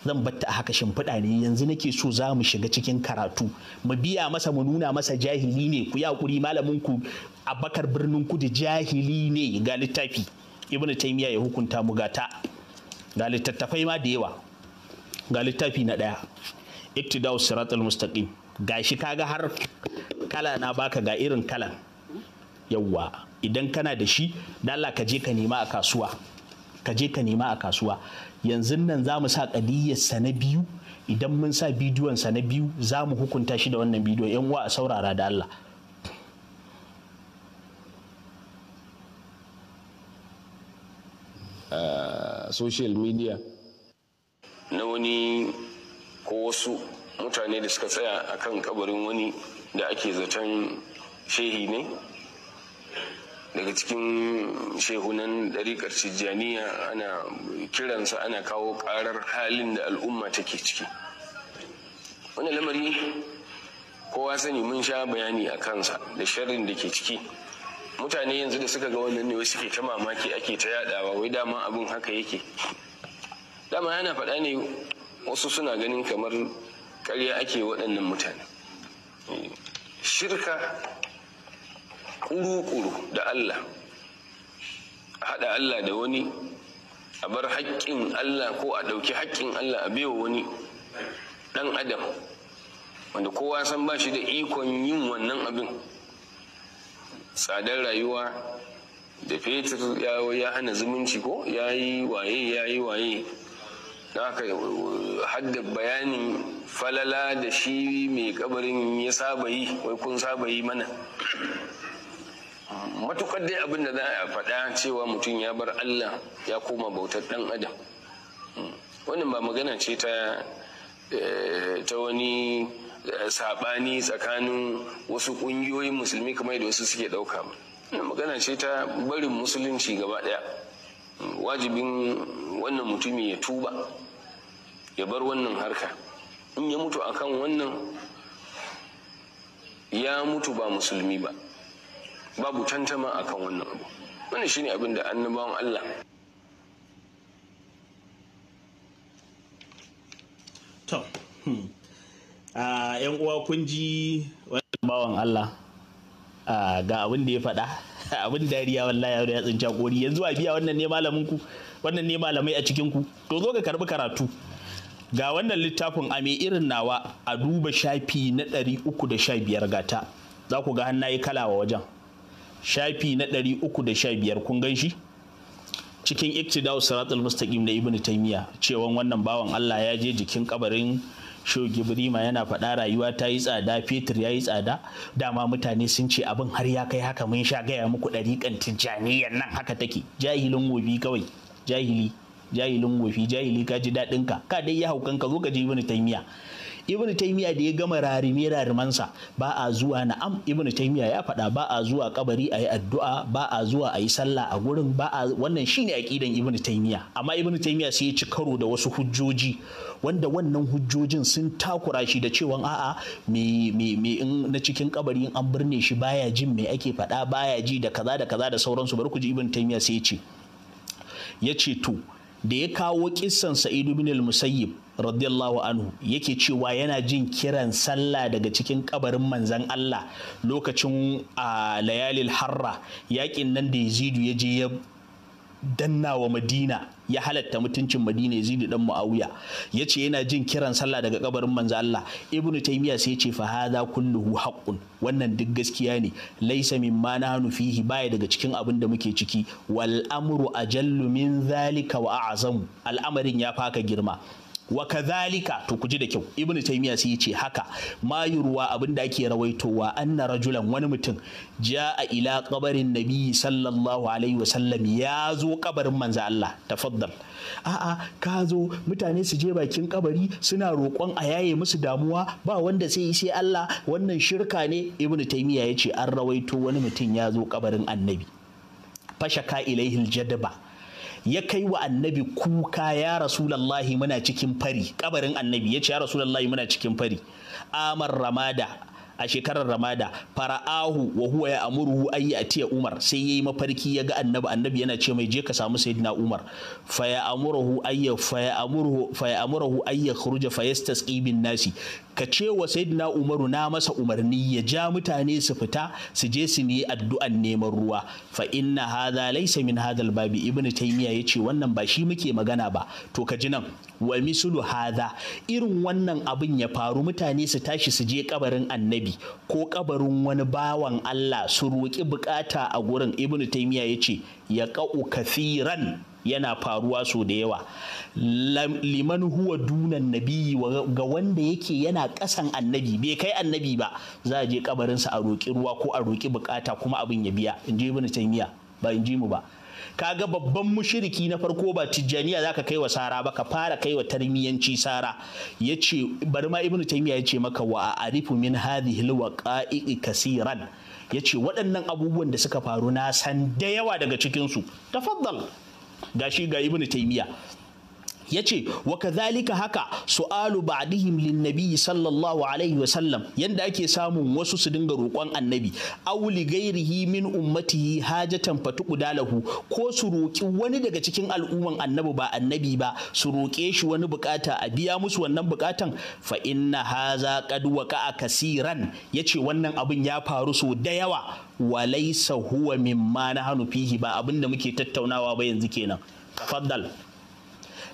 A: zan batta a haka shimfiɗa ne yanzu nake so za mu shiga cikin karatu mu biya masa mu nuna masa jahili ne ku yaƙuri malamin ku a bakar birnin kudu jahili ne ga littafi ibn taymiya ya hukunta mu ta ga littattafai ma da yawa ga littafi na ɗaya iktidau siratul mustaqim gashi kaga har kala na baka ga irin kalan yawwa idan kana da shi dala ka je ka nema a kasuwa ka je ka nema a kasuwa yanzu nan za mu sa sa na biyu idan mun sa bidiyonsa na biyu za mu hukunta shi da wannan bidiyon yan uwa a saurara da Allah social media
B: na wani ko wasu mutane da suka tsaya akan kabarin wani da ake zaton shehi ne daga cikin shehunan ɗariƙar tijjaniya ana kiransa ana kawo ƙarar halin da al'umma take ciki wani lamari kowa sani mun sha bayani a kansa da sharrin da ke ciki mutane yanzu da suka ga wannan ne suke ta mamaki ake ta yadawa wai dama abin haka yake dama yana faɗa ne wasu suna ganin kamar karya ake waɗannan mutane shirka kuru-kuru da Allah a haɗa Allah da wani a bar haƙƙin Allah ko a ɗauki haƙƙin Allah a bewa wani ɗan adam wanda kowa san ba shi da ikon yin wannan abin tsadar rayuwa da fetur ya hana zumunci ko ya yi waye ya yi waye na aka uh, hadda bayanin falala da shi mai kabarin ya saba yi wai kun saba yi mana matukar dai abin da za a faɗa cewa mutum ya bar Allah ya koma bautar ɗan adam wannan ba magana ce ta eh, ta wani eh, saɓani tsakanin wasu ƙungiyoyin musulmi kamar da wasu suke ɗauka wannan magana ce ta barin musulunci gaba ɗaya wajibin wannan mutumi ya tuba ya bar wannan harka in ya mutu akan wannan ya mutu ba musulmi ba babu tantama akan wannan abu shi shine abin da annabawan Allah
A: to hmm. a yan uwa kun ji wannan bawan Allah ga abin da ya faɗa abin dariya wallahi ya tsinci kori yanzu a biya wannan ne malaminku, wannan ne malamai a cikinku, to zo ka karbi karatu ga wannan littafin a mai irin nawa a duba shafi na 315 gata za ku ga hannaye wa wajen shafi na ɗari uku da sha biyar kun gan shi cikin iktidau siratul mustaqim na ibnu taymiya cewa wannan bawan Allah ya je jikin kabarin sho Gibrima yana faɗa rayuwa ta yi tsada Fetur ya yi tsada dama mutane sun ce abin har ya kai haka mun sha gaya muku ɗariƙan tijjaniyyar nan haka take jahilin wofi kawai jahili jahilin wofi jahili ka ji daɗin ka ka dai ya haukan ka zo ka ji ibnu taymiya ibn taimiya da ya gama rarime rarimansa ba a zuwa na'am ibn taymiya ya faɗa ba a zuwa kabari a yi addu'a ba a zuwa a yi sallah a gurin ba a wannan shine aqidan ibn taimiya. amma ibn taimiya sai ya ci karo da wasu hujjoji wanda wannan hujjojin sun takura shi da cewa a'a me me me in na cikin kabari in an birne shi baya jin me ake faɗa baya ji da kaza da kaza da sauransu bari ku ji ibn taymiya sai ya ce ya ce to da ya kawo kissan sa'idu bin al-musayyib radiyallahu anhu yake cewa yana jin kiran sallah daga cikin kabarin manzan Allah lokacin a layalil harra yakin nan da yazidu ya je ya danna wa madina ya halatta mutuncin madina yazidu dan muawiya ya ce yana jin kiran sallah daga kabarin manzan Allah ibnu taymiya sai ya ce fa hadha kulluhu haqqun wannan duk gaskiya ne laysa mimma nahnu fihi baya daga cikin abin da muke ciki wal amru ajallu min zalika wa a'zamu al'amarin ya faka girma wa kadhalika to ku ji da kyau ibnu taymiya sai yace haka ma yurwa abin da ake rawaitowa anna rajulan wani mutum jaa ila qabarin nabi sallallahu alaihi wa sallam ya zo kabarin manzo Allah tafaddal a'a ka zo mutane su je bakin kabari suna roƙon a yaye musu damuwa ba wanda sai sai Allah wannan shirka ne ibnu taymiya ce an rawaito wani mutum ya zo kabarin annabi fashaka ilaihil jadaba ya kai wa annabi kuka ya rasulallahi muna cikin fari kabarin annabi ya ce ya rasulallahi muna cikin fari amar ramada a shekarar ramada fara'ahu wa huwa ya amuruhu ayi atiya umar sai yayi mafarki ya ga annabi annabi yana ce mai je ka samu sayyidina umar fa ya amuruhu ayya fa ya amuruhu fa amuruhu ayya khuruja fa yastasqi nasi ka ce wa sayyidina umaru na masa umarni ya ja mutane su fita su je su yi addu'an neman ruwa fa inna hadha laysa min hadal babi ibnu taymiya yace wannan ba shi muke magana ba to ka ji nan wa misulu hadha irin wannan abin ya faru mutane su tashi su je kabarin annabi annabi ko kabarin wani bawan Allah su roƙi bukata a gurin ibn taymiya ya ce ya ƙa'u kafiran yana faruwa so da yawa liman huwa dunan nabiyi ga wanda yake yana ƙasan annabi bai kai annabi ba za a je kabarinsa a roƙi ruwa ko a roƙi bukata kuma abin ya biya in je ibn taymiya ba in ji mu ba kaga babban mushiriki na farko ba tijjaniya zaka kai wa sara ba ka fara kai wa tarmiyanci sara yace bari ma ibnu ya ce maka wa arifu min hadhihi alwaqa'i kasiran yace waɗannan abubuwan da suka faru na san da yawa daga cikin su tafaddal gashi ga ibnu taymiya ya ce wa kazalika haka su'alu ba'dihim linnabi sallallahu alaihi wa sallam yanda ake samun wasu su dinga roƙon annabi aw li ghairihi min ummatihi hajatan fatuqdalahu ko su roƙi wani daga cikin al'umman annabi ba annabi ba su roƙe shi wani bukata a biya musu wannan bukatan fa inna haza qad waqa'a kasiran yace wannan abin ya faru so da yawa walaisa huwa mimma nahnu fihi ba abinda muke tattaunawa ba yanzu kenan tafaddal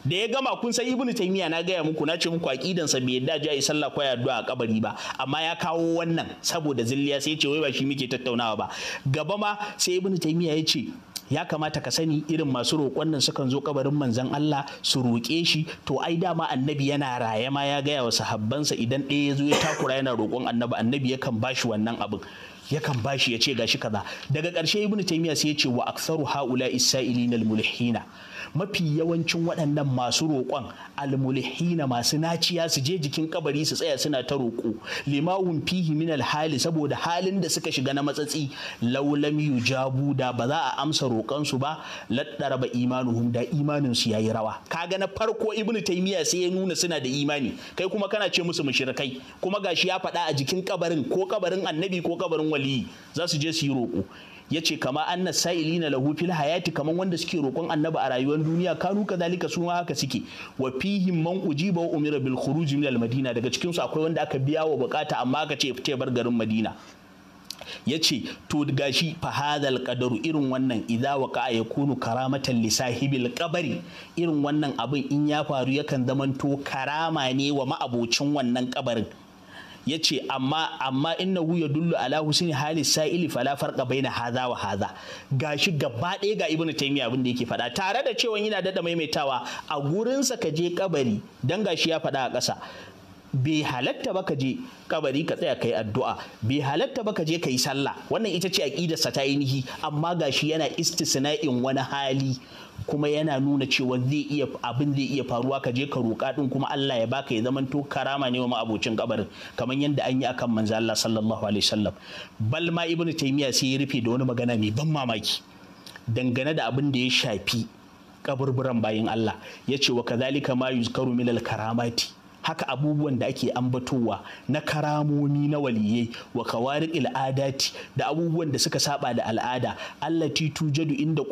A: da ya gama kun san ibnu taymiya na gaya muku na ce muku aqidan sa bai yadda ji sallah ko addu'a a kabari ba amma ya kawo wannan saboda zilliya sai ya ce wai ba shi muke tattaunawa ba gaba ma sai ibnu taymiya ya ce ya kamata ka sani irin masu roƙon nan sukan zo kabarin manzon Allah su roƙe shi to ai dama annabi yana raye ma ya gaya wa sahabbansa idan ɗaya ya zo ya takura yana roƙon annabi annabi yakan bashi wannan abin yakan bashi ya ce gashi kaza daga ƙarshe ibnu taymiya sai ya ce wa aktsaru haula isailina almulhina mafi yawancin waɗannan masu roƙon almulhina masu naciya su je jikin kabari su tsaya suna ta roƙo limawun fihi min alhali saboda halin da suka shiga na matsatsi laulam yujabu da ba za a amsa roƙon su ba laddara ba imanuhum da imanin su yayi rawa kaga na farko ibnu taymiya sai ya nuna suna da imani kai kuma kana ce musu mushrikai kuma gashi ya faɗa a jikin kabarin ko kabarin annabi ko kabarin waliyi za su je su yi roƙo ya ce kama anna sa'ilina lahu fil hayati kaman wanda suke roƙon annabi a rayuwar duniya kanu kazalika su ma haka suke wa fihim man ujiba wa umira bil khuruj min al madina daga cikin su akwai wanda aka biya wa bukata amma aka ce fita bar garin madina ya ce to gashi hadal kadaru irin wannan idza waqa ya karamatan li sahibil kabari irin wannan abin in ya faru yakan zamanto karama ne wa ma'abocin wannan kabarin ya ce amma amma na ya dullu ala husaini hali sa'ili fala farqa baina haza wa haza gashi gaba ɗaya ga ibnu taymiya abin da yake faɗa tare da cewa yana dada maimaitawa a gurinsa ka je kabari dan gashi ya faɗa a ƙasa bai halatta ba ka je kabari ka tsaya kai addu'a bai halatta ba ka je kai sallah wannan ita ce sa ta ainihi amma gashi yana istisna'in wani hali kuma yana nuna cewa zai iya abin zai iya faruwa ka je ka roƙa din kuma Allah ya baka ya zamanto karama ne wa ma'abocin kabarin kamar yadda an yi akan manzo Allah sallallahu alaihi wasallam bal ma ibnu taymiya sai ya rufe da wani magana mai ban mamaki dangane da abin da ya shafi kaburburan bayin Allah ya ce wa kazalika ma yuzkaru milal karamati haka abubuwan da ake ambatowa na karamomi na waliyai wa kawarik al'adati da abubuwan da suka saba da al'ada Allah Titu jadu inda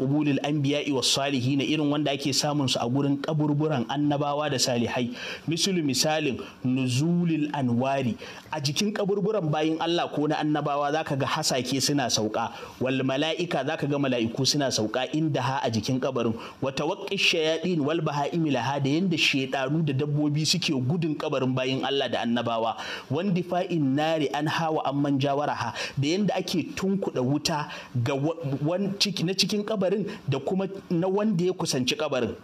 A: anbiya wa salihi na irin wanda ake samun su a gurin kaburburan annabawa da salihai misalu misalin nuzulil anwari a jikin kaburburan bayin Allah ko na annabawa zaka ga hasake suna sauka wal mala'ika zaka ga mala'iku suna sauka inda ha a jikin kabarin wa tawaqqish shayatin wal baha'im laha da yanda shaytanu da dabbobi suke gudu gudun kabarin bayin Allah da annabawa wanda fa'in nari an hawa an manja jawaraha da yanda ake tunkuda wuta ga na cikin kabarin da kuma na wanda ya kusanci kabarin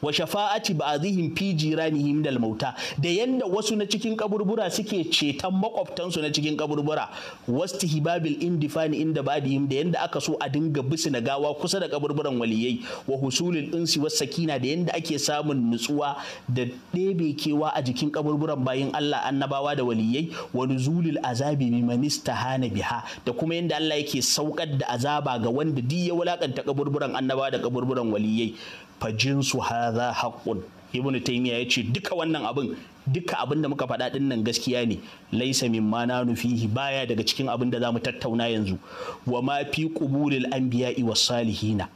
A: wa shafa'ati ba'dihim fi jiranihim dal mauta da yanda wasu na cikin kaburbura suke ceton makwabtansu na cikin kaburbura wastihibabil indifani inda ba'dihim da yanda aka so a dinga bisu na gawa kusa da kaburburan waliyai wa husulil insi was sakina da yanda ake samun nutsuwa da ɗebe kewa a jikin kaburburan bayin Allah annabawa da waliyai wa nuzulul azabi minista hana biha da kuma yanda Allah yake saukar da azaba ga wanda duk ya wulakanta kaburburan annabawa da kaburburan waliyai fa haza hadha haqqun ibn taymiya ce duka wannan abin duka abin da muka faɗa ɗin nan gaskiya ne laisa ma na nufihi baya daga cikin abin da mu tattauna yanzu wa ma fi qubulil anbiya'i was salihina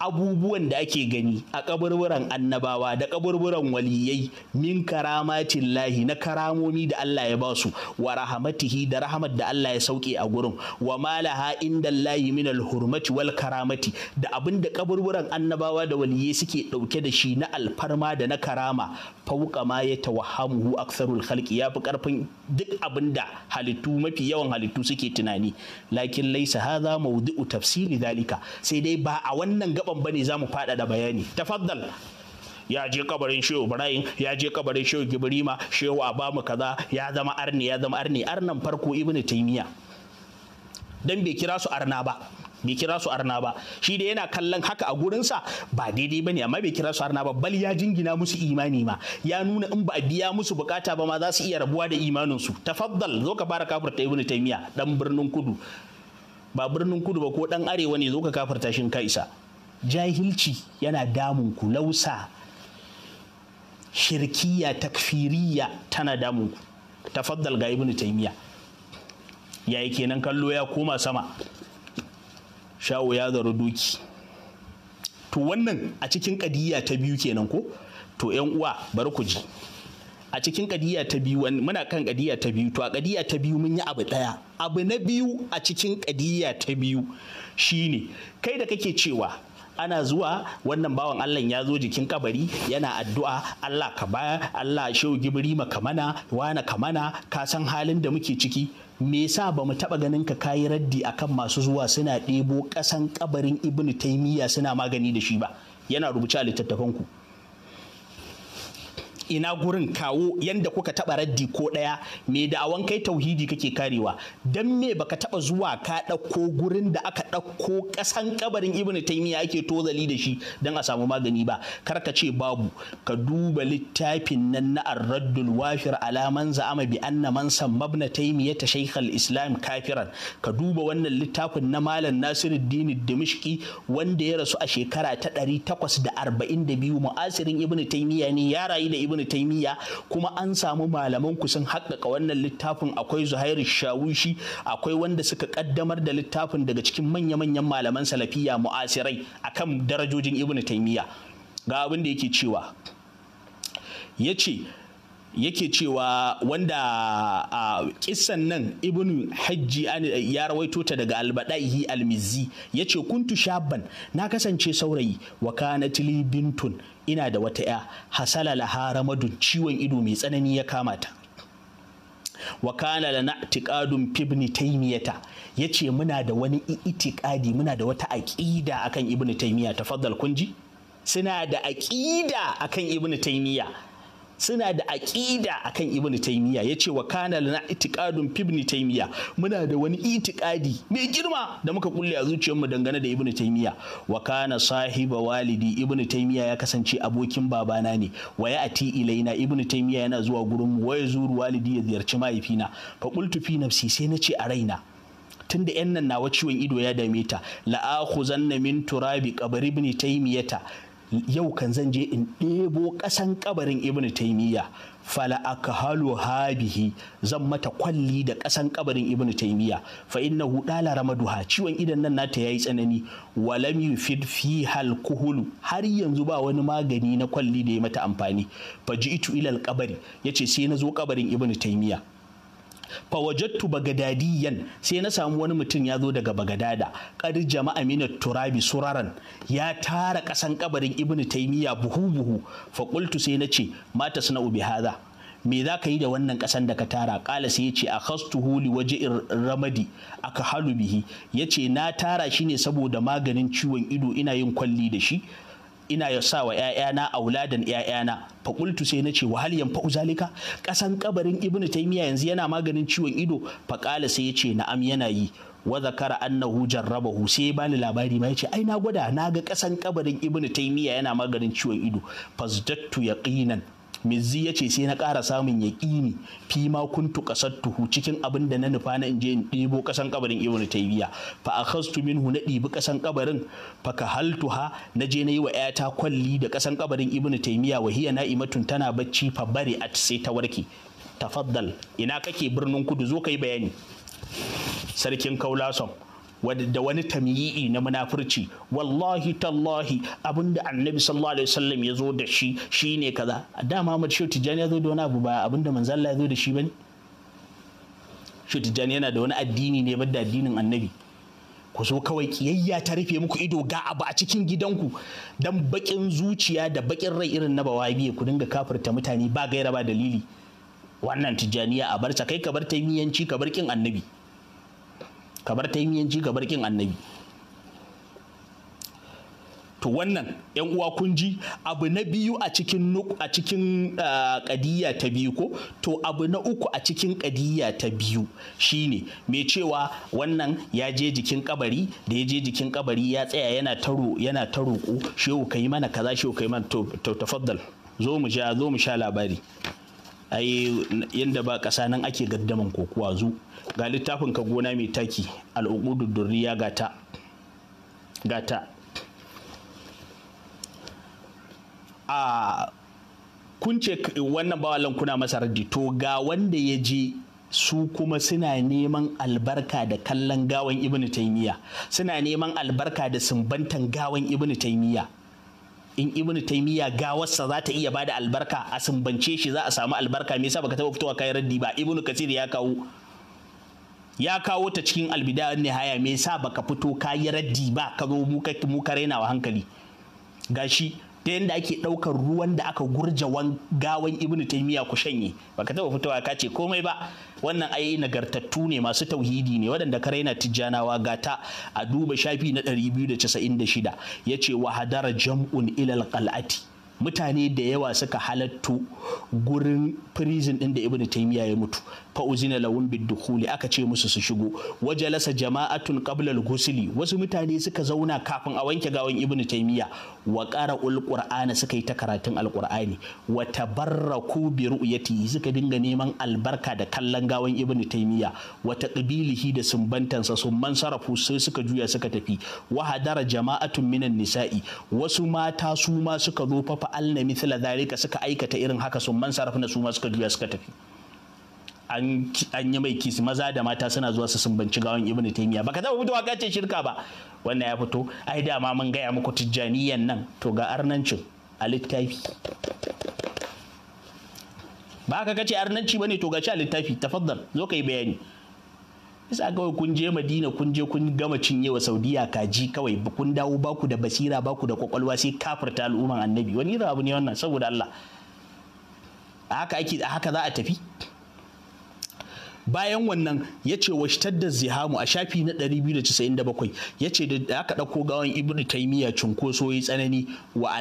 A: abubuwan da ake gani a kaburburan annabawa da kaburburan waliyai min karamatin lahi na karamomi da Allah ya ba su, wa rahamatihi da rahamat da Allah ya sauke a gurin wa malaha inda lahi min alhurmati wal karamati da abin da kaburburan annabawa da waliyai suke ɗauke da shi na alfarma da na karama fauka ma ya tawahamuhu aksarul halki ya fi karfin duk abin da halittu mafi yawan halittu suke tunani lakin laisa haza mawdi'u tafsiri dalika sai dai ba a wannan gaba sakon bane za mu faɗaɗa bayani tafaddal ya je kabarin shehu ibrahim ya je kabarin shehu gibrima shehu abamu kaza ya zama arni ya zama arni arnan farko ibnu taymiya dan bai kira su arna ba bai kira su arna ba shi da yana kallon haka a gurinsa ba daidai bane amma bai kira su arna ba bal ya jingina musu imani ma ya nuna in ba a biya musu bukata ba ma za su iya rabuwa da imaninsu tafaddal zo ka fara kafirta ibnu taymiya dan birnin kudu ba birnin kudu ba ko dan arewa ne zo ka kafirta shin ka isa jahilci yana damun ku lausa shirkiya takfiriya tana damun ku tafaddal ga ibnu Ya yi kenan kallo ya koma sama Shawo ya zaru doki. to wannan a cikin kadiyya ta biyu kenan ko to yan uwa bari ku ji a cikin kadiyya ta biyu muna kan kadiyya ta biyu to a kadiyya ta biyu mun yi abu daya abu na biyu a cikin kadiyya ta biyu shine kai da kake cewa ana zuwa wannan bawan Allah ya zo jikin kabari yana addu'a Allah ka baya Allah shehu gibri maka mana wana ka mana ka san halin da muke ciki me yasa ba mu taba ganin ka kayi raddi akan masu zuwa suna ɗebo ƙasan kabarin ibnu taimiyya suna magani da shi ba yana rubuce a littattafanku ku ina gurin kawo yanda kuka taba raddi ko daya me da awan kai tauhidi kake karewa dan me baka taba zuwa ka ɗauko gurin da aka ɗauko ƙasan kabarin ibnu taymiya ake tozali da shi dan a samu magani ba kar ka ce babu ka duba littafin nan na ar-raddul washir ala man za'ama bi anna man sammabna taymiya ta shaykhul islam kafiran ka duba wannan littafin na malam nasiruddin dimishki wanda ya rasu a shekara ta 842 mu'asirin ibnu taymiya ne ya rayu da ibnu ibnu kuma an samu malaman ku sun haƙƙaƙa wannan littafin akwai zuhairu shawushi akwai wanda suka ƙaddamar da littafin daga cikin manya-manyan malaman salafiya mu'asirai akan darajojin ibnu Taimiyya, ga abin da yake cewa ya ce. yake cewa wanda a kisan nan ibnu hajji ya rawaito ta daga albadaihi almizi ya ce kuntu shaban na kasance saurayi wa kana bintun ina da wata ya hasala laha ramadun ciwon ido mai tsanani ya kamata. ta wa kana lana taimiyata, ibn taymiyata yace muna da wani itiqadi muna da wata aqida akan ibn taymiya tafaddal kunji suna da aqida akan ibn taymiya suna da aƙida akan ibn taymiya yace wa kana lana itiqadun fi taymiya muna da wani itiqadi mai girma da muka kulle a zuciyarmu dangane da ibn taymiya wa kana sahiba walidi ibn taymiya ya kasance abokin babana ne wa ya ati ilaina ibn taymiya yana zuwa gurin mu wa zuru walidi ya ziyarci mahaifina fa qultu fi nafsi sai nace a raina tun da 'yan nan nawa ciwon ido ya dame ta la'akhuzanna min turabi qabri ibn taymiyata yau kan zan je in ɗebo ƙasan kabarin ibn taimiyya fala akhalu habihi zan mata kwalli da ƙasan kabarin ibn taimiyya fa huɗa dala ramaduha ciwon idan nan nata yayi tsanani walam yufid fi halkuhulu har yanzu ba wani magani na kwalli da ya mata amfani fa ji'tu ila Ya yace sai na zo kabarin ibn taimiyya fawajattu bagadadiyan sai na samu wani mutum ya zo daga bagadada ƙadir jama'a min turabi suraran ya tara ƙasan ƙabarin ibnu Taimiyya buhu buhu faƙultu sai na ce mata suna ubi haza, me za ka yi da wannan ƙasan da ka tara ƙala sai ya ce a khastuhu huli waje ramadi aka halu bihi ya ce na tara shi ne saboda maganin ciwon ido ina yin kwalli da shi ina ya sa wa ‘ya'yana auladan ‘ya'yana faƙultu sai na ce wa yanfa uzalika ƙasan kabarin ibnu taymiya yanzu yana maganin ciwon ido faƙala sai ya ce na'am yana yi wa zakara annahu jarrabahu sai ya bani labari ma yace ai na gwada na ga kasan kabarin ibnu taymiya yana maganin ciwon ido fazdattu yaqinan mizzi ya ce sai na ƙara samun yaƙini fi ma kuntu tuhu cikin abin da na nufa na inje in ɗebo ƙasan kabarin ibnu taymiya fa akhastu minhu na ɗibi ƙasan kabarin fa ha na je na yi wa ƴata kwalli da ƙasan kabarin ibnu taymiya wa hiya na'imatun tana bacci fa bari at sai ta warke tafaddal ina kake birnin kudu zo ka yi bayani sarkin kaulason da wani tamyi'i na munafurci wallahi tallahi abinda annabi sallallahu alaihi wasallam ya zo da shi shine kaza dama mu shi tijani ya zo da wani abu ba abinda manzo ya zo da shi bane shi tijani yana da wani addini ne da addinin annabi ku so kawai kiyayya ta rufe muku ido ga abu a cikin gidanku dan bakin zuciya da bakin rai irin na bawabiye ku dinga kafirta mutane ba gairaba dalili wannan tijaniya a barta kai ka bar ta miyanci ka bar kin annabi kamar taimiyanci gabar kin annabi to wannan yan uwa kun ji abu na biyu a cikin a cikin ta biyu ko to abu na uku a cikin ƙadiyya ta biyu shine mai cewa wannan ya je jikin kabari da ya je jikin kabari ya tsaya yana taro yana ta roƙo shehu kai mana kaza shehu kai mana to tafaddal zo mu sha zo mu sha labari ai yanda ba ƙasa nan ake gaddaman kokuwa zu ga littafin ka gona mai taki al'uqudud durriya gata gata a kun ce wannan bawalan kuna masa raddi to ga wanda ya je su kuma suna neman albarka da kallon gawan Ibn taimiya suna neman albarka da sumbantan gawan Ibn taimiya in Ibn taimiya gawarsa za ta iya bada albarka a sumbance shi za a samu albarka me yasa baka taba fitowa kai raddi ba Ibn kasir ya kawo ya kawo ta cikin albidayar nihaya me yasa baka fito ka yi raddi ba ka zo mu ka wa hankali gashi ta yadda ake ɗaukar ruwan da aka gurja gawan ibnu taimiya ku shanye baka taba fitowa ka ce komai ba wannan ai nagartattu ne masu tauhidi ne waɗanda ka raina tijjanawa gata a duba shafi na ɗari biyu da da casa'in shida ya ce wa hadara jam'un ilal qal'ati mutane da yawa suka halattu gurin prison ɗin da ibnu taimiya ya mutu fauzina lawun lahum aka ce musu su shigo wajalasa jama'atun qabla al wasu mutane suka zauna kafin a wanke gawan ibnu taymiya wa kara qur'ana suka yi ta karatun alqur'ani wa tabarraku bi ru'yati suka dinga neman albarka da kallon gawan ibnu taymiya wa taqbilihi da sumbantansa summan sarafu sai suka juya suka tafi wa hadara jama'atun minan nisa'i wasu mata su ma suka zo fa fa'alna mithla zalika suka aikata irin haka summan sarafu na su ma suka juya suka tafi an yi mai kisi maza da mata suna zuwa su sumbanci gawan ibn taymiya baka taba fitowa kace ce shirka ba wannan ya fito ai dama mun gaya muku tijjaniyan nan to ga arnancin a littafi ba ka kace arnanci bane to ga a littafi tafaddal zo kai bayani isa kawai kun je madina kun je kun gama cinyewa saudiya kaji kawai kun dawo baku da basira baku da kwakwalwa sai kafirta al'umman annabi wani abu ne wannan saboda allah a haka za a tafi bayan wannan ya ce wa da zihamu a shafi na 297 ya ce da aka ɗauko gawan ibnu taimiyya cunkoso ya tsanani wa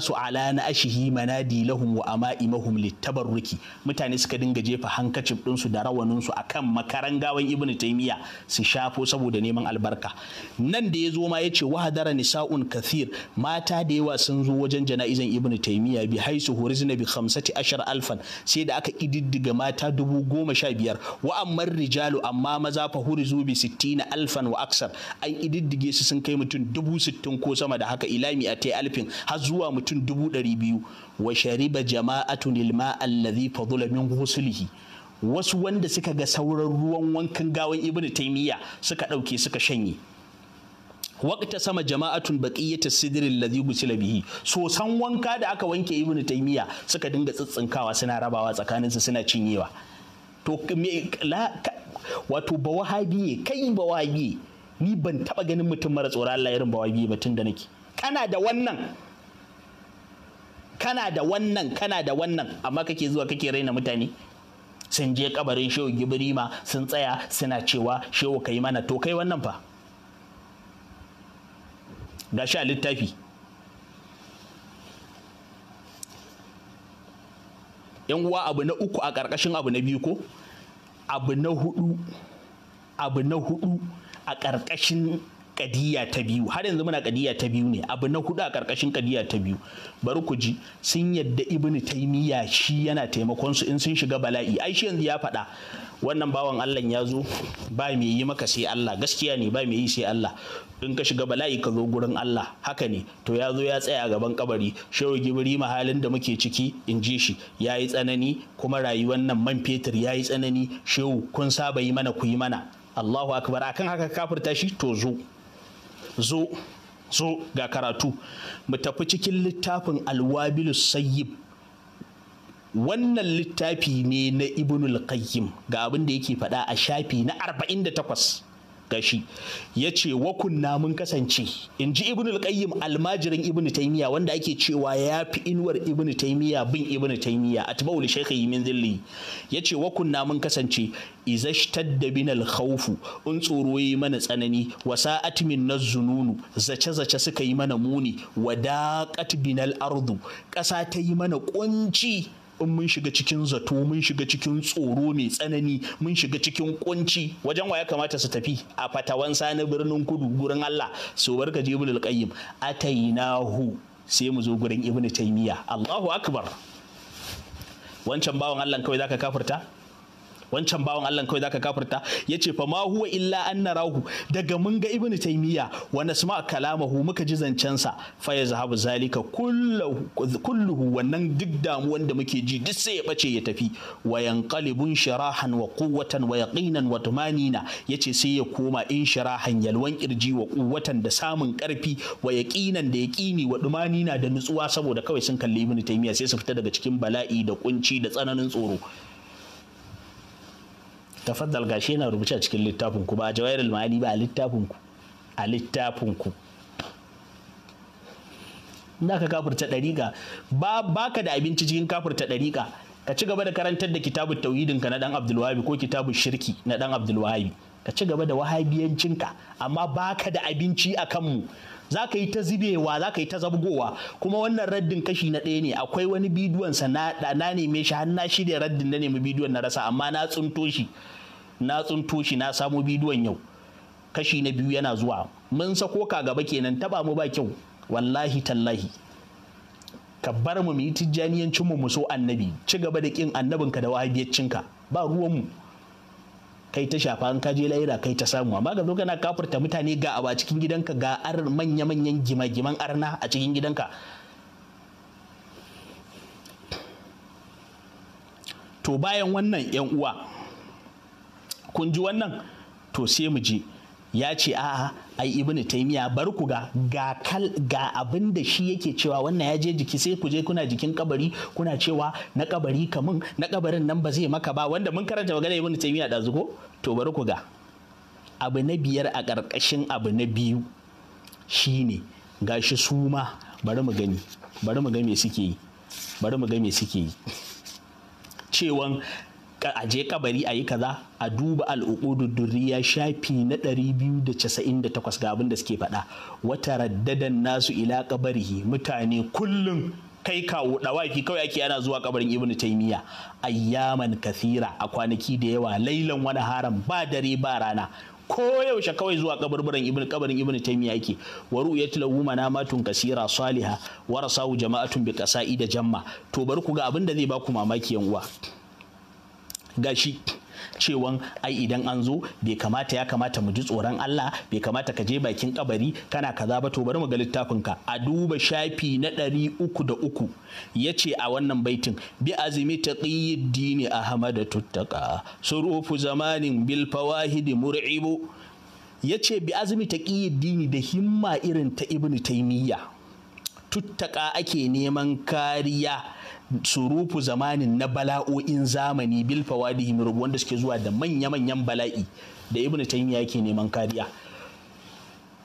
A: su ala na ashihi manadi lahum wa ama'imahum littabarruki mutane suka dinga jefa hankacin ɗinsu da rawaninsu a kan makaran gawan ibnu taimiyya su shafo saboda neman albarka nan da ya zo ma ya ce wahadara nisa'un kathir mata da yawa sun zo wajen jana'izan ibnu taimiyya bi haisu hurizna bi khamsati ashar alfan sai da aka ƙididdiga mata dubu goma sha biyar wa'ammar rijalu amma maza fa huri zubi sittina alfan wa aksar an ididdige su sun kai mutum dubu sittin ko sama da haka ilami a tai alfin har zuwa mutum dubu ɗari biyu wa shariba jama'atu ilma alladhi fadula min ghusulihi wasu wanda suka ga sauran ruwan wankan gawan ibnu taymiya suka ɗauke suka shanye waqta sama jama'atun baqiyata sidrin ladhi gusila bihi so san wanka da aka wanke ibnu taymiya suka dinga tsitsinkawa suna rabawa tsakaninsu suna cinyewa to me la wato ba ne kai ba ni ban taba ganin mutum mara tsoron Allah irin ba ba tun da nake kana da wannan kana da wannan kana da wannan amma kake zuwa kake raina mutane sun je kabarin shehu gibrima sun tsaya suna cewa shehu kai mana to kai wannan fa shi a littafi yan uwa abu na uku a ƙarƙashin abu na biyu ko abu na hudu abu na hudu a ƙarƙashin kadiya ta biyu har yanzu muna kadiya ta biyu ne abu na hudu a karkashin kadiya ta biyu bari ku ji sun yadda ibnu taymiya shi yana taimakon su in sun shiga bala'i ai shi yanzu ya faɗa wannan bawan Allah ya zo ba mai yi maka sai Allah gaskiya ne ba mai yi sai Allah in ka shiga bala'i ka zo gurin Allah haka ne to ya zo ya tsaya a gaban kabari shehu gibiri halin da muke ciki in ji shi ya yi tsanani kuma rayuwar nan man fetur ya yi tsanani shehu kun saba yi mana ku yi mana Allahu akbar akan haka kafirta shi to zo zo zo ga karatu mu tafi cikin littafin alwabilu sayyib wannan littafi ne na ibnul qayyim ga abin da yake faɗa a shafi na 48 Gashi, ya ce wa kunna mun kasance in ji ibn al-qayyim almajirin ibn taymiya wanda ake cewa ya fi inuwar ibn taymiya bin ibn taymiya atba'u li yi min zilli ya ce wa kunna mun kasance izashtadda bin al-khawfu in tsoro yi mana tsanani wa sa'at min nazununu zace zace suka yi mana muni wa daqat bin al-ardu ƙasa ta yi mana kunci in mun shiga cikin zato mun shiga cikin tsoro mai tsanani mun shiga cikin kunci wajen wa ya kamata su tafi a fatawan sani birnin kudu gurin Allah so barka jibril qayyim atainahu sai mu zo gurin ibnu taymiya Allahu akbar wancan bawan Allah kawai zaka kafirta wancan bawan Allah kawai zaka kafirta yace fa ma huwa illa an narahu daga mun ga ibnu taymiya wa nasma kalamahu muka ji zancen sa fa yazhabu zalika kulluhu kulluhu wannan duk damuwan da muke ji duk sai ya bace ya tafi wa yanqalibun sharahan wa quwwatan wa yaqinan wa tumanina yace sai ya koma in sharahan yalwan kirji wa quwwatan da samun karfi wa yaqinan da yaqini wa tumanina da nutsuwa saboda kawai sun kalli ibnu taymiya sai su fita daga cikin bala'i da kunci da tsananin tsoro tafaddal gashi yana rubuce a cikin littafin ku ba a jawairul mali ba littafin ku a littafin ku ina ka kafurta ɗariƙa ba baka da abinci cikin kafirta ɗariƙa ka ci gaba da karantar da kitabun ka na dan wahabi ko kitabun shirki na dan wahabi ka ci gaba da ka amma baka da abinci a kanmu za ka yi ta zubewa za ka yi ta zabgowa kuma wannan raddin kashi na ɗaya ne akwai wani bidiyon sa na neme shi har na shirya raddin na nemi bidiyon na rasa amma na tsunto shi na tsinto shi na samo bidiyon yau kashi na biyu yana zuwa mun sako ka gaba kenan taba mu ba kyau wallahi tallahi ka bar mu mu yi tijjaniyancin mu so annabi ci gaba da kin ka da ka ba ruwan mu kai ta shafa an kaje laira kai ta samu amma ga zo kana kafurta mutane ga a cikin gidanka ga ar manya manyan gima-giman arna a cikin gidanka to bayan wannan yan uwa kun ji wannan to sai mu je ya ce a'a ai ibnu taimiya bar ku ga ga kal ga abin da shi yake cewa wannan ya je jiki sai ku je kuna jikin kabari kuna cewa na kabari kamun na kabarin nan ba zai maka ba wanda mun karanta magana ibnu taimiya da zugo to bar ku ga abu na biyar a ƙarƙashin abu na biyu shine gashi su ma bari mu gani bari mu ga me suke yi bari mu ga me suke yi cewan a je kabari a yi kaza a duba al'uqudud durriya shafi na 298 ga abin da suke faɗa wata raddadan nasu ila kabarihi mutane kullum kai kawo dawaki kawai ake ana zuwa kabarin ibnu taymiya ayyaman kathira a kwanaki da yawa lailan wani haram ba dare ba rana ko yaushe kawai zuwa kabarburan ibnu kabarin ibnu taymiya yake wa ru'yatul na matun kasira salihah wa rasahu jama'atun bi qasaida jamma to bari ku ga abin da zai ba ku mamaki yan uwa gashi cewan ai idan an zo bai kamata ya kamata mu ji tsoron Allah bai kamata ka je bakin kabari kana kaza ba to bari mu ga littafin ka a duba shafi na ɗari uku da uku ya a wannan baitin bi azimi ta dini ahmada tuttaqa surufu zamanin bil fawahid mur'ibu ya bi azumi ta dini da himma irin ta ibnu taimiyya tuttaqa ake neman kariya surufu zamanin na bala'o'in zamani bilfawa da himiru wanda suke zuwa da manya-manyan bala'i da ibnu taymiya yake neman kariya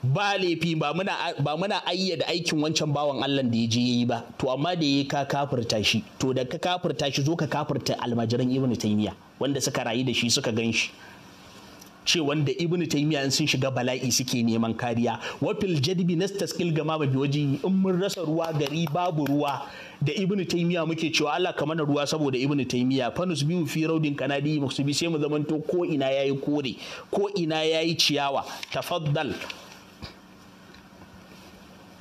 A: ba laifi ba muna ayya da ayyada aikin wancan bawan Allah da ya je yi ba to amma da yayi ka kafirta shi to da ka kafirta shi zo ka kafirta almajiran ibnu taymiya wanda suka rayu da shi suka gan shi ce wanda ibnu taymiya sun shiga bala'i suke neman kariya Wafil fil jadbi nastaskil gama bi waji in mun rasa ruwa gari babu ruwa da ibnu taymiya muke cewa Allah ka mana ruwa saboda ibnu taymiya fanus biyu fi raudin kanadi musubi sai mu zamanto ko ina yayi kore ko ina yayi ciyawa tafaddal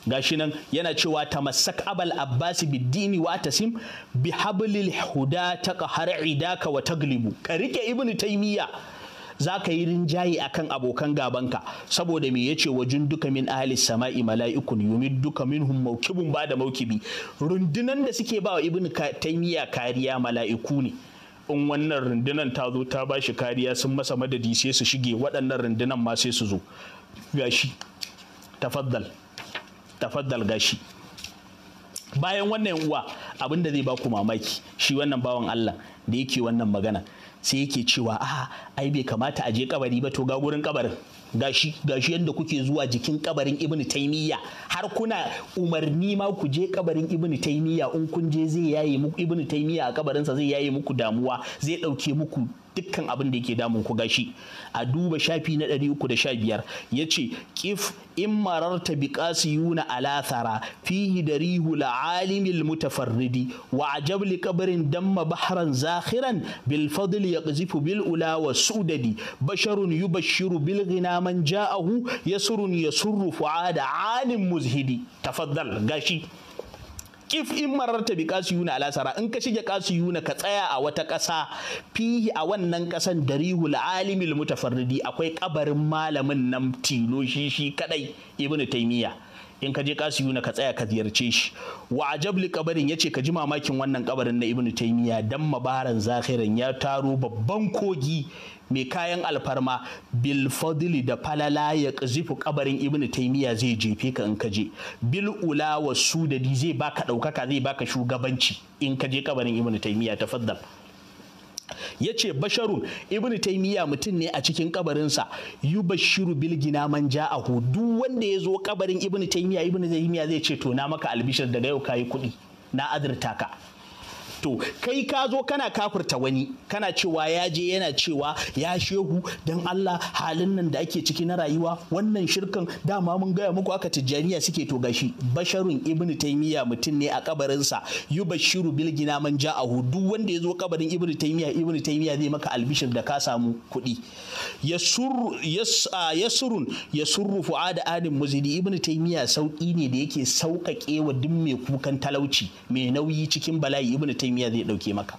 A: gashi nan yana cewa tamassak abal abbasi biddini wa tasim bi hablil huda ta qahar idaka wa taglibu ka rike ibnu taymiya za ka yi rinjaye a kan abokan gabanka saboda me yace wajen duka min ahli sama'i mala'ikun yumi duka min minhum mawkibun ba da maukibi rundunan da suke ba wa ibnu taymiya kariya mala'iku ne in wannan rundunan ta zo ta ba shi kariya sun masa madadi sai su shige waɗannan rundunan ma sai su zo gashi tafaddal tafaddal gashi bayan wannan uwa abin da zai ba ku mamaki shi wannan bawan Allah da yake wannan magana sai yake cewa a ai bai kamata a je kabari ba to ga gurin kabarin gashi gashi yadda kuke zuwa jikin kabarin ibnu taimiyya har kuna umarni ma ku je kabarin ibnu taimiyya in kun je zai yaye muku ibnu taimiyya a kabarinsa zai yaye muku damuwa zai dauke muku dukkan abin da yake damun ku gashi a duba shafi na 315 yace qif in mararta biqasiyuna ala thara fihi darihu la alimil mutafarrij Wa'ajabli wa ajab li qabrin damma bahran zakhiran bil fadl yaqzifu bil ula wa sudadi basharun yubashshiru bil ghina man ja'ahu yasurun yasurru fuada alim muzhidi tafaddal gashi if in mararta bi kasiyuna ala sara in ka shige kasiyuna ka tsaya a wata ƙasa fihi a wannan ƙasan darihul alimil mutafarridi akwai ƙabarin malamin nan tilo shi shi kadai ibnu taymiya in ka je kasiyuna ka tsaya ka ziyarce shi wa ajab li kabarin yace ka ji mamakin wannan kabarin na ibnu taymiya dan mabaran zahirin ya taro babban kogi mai kayan alfarma bil fadli da falala ya kazifu kabarin ibnu taymiya zai jefe ka in ka je bil ula wa sudadi zai baka daukaka zai baka shugabanci in ka je kabarin ibnu taymiya tafaddal ya ce basharun ibn taimiyya mutum ne a cikin kabarinsa yu bashiru bilgina man ja'ahu duk wanda ya zo kabarin Ibnu taimiyya ibn taimiyya zai ce to na maka albishir daga yau kayi kuɗi na adirta ka to kai ka zo kana kafurta wani kana cewa ya je yana cewa ya shehu don Allah halin nan da ake ciki na rayuwa wannan shirkan dama mun gaya muku aka tijjaniya suke to gashi basharun ibnu taymiya mutum ne a kabarinsa yubashiru bil ginaman Manja ja'ahu duk wanda ya zo kabarin ibnu taymiya ibnu taymiya zai maka albishir da ka samu kuɗi yasur yasurun yasurru fu'ada adin muzidi ibnu taymiya sauki ne da yake sauƙaƙe wa duk mai kukan talauci mai nauyi cikin bala'i ibnu zai ɗauke maka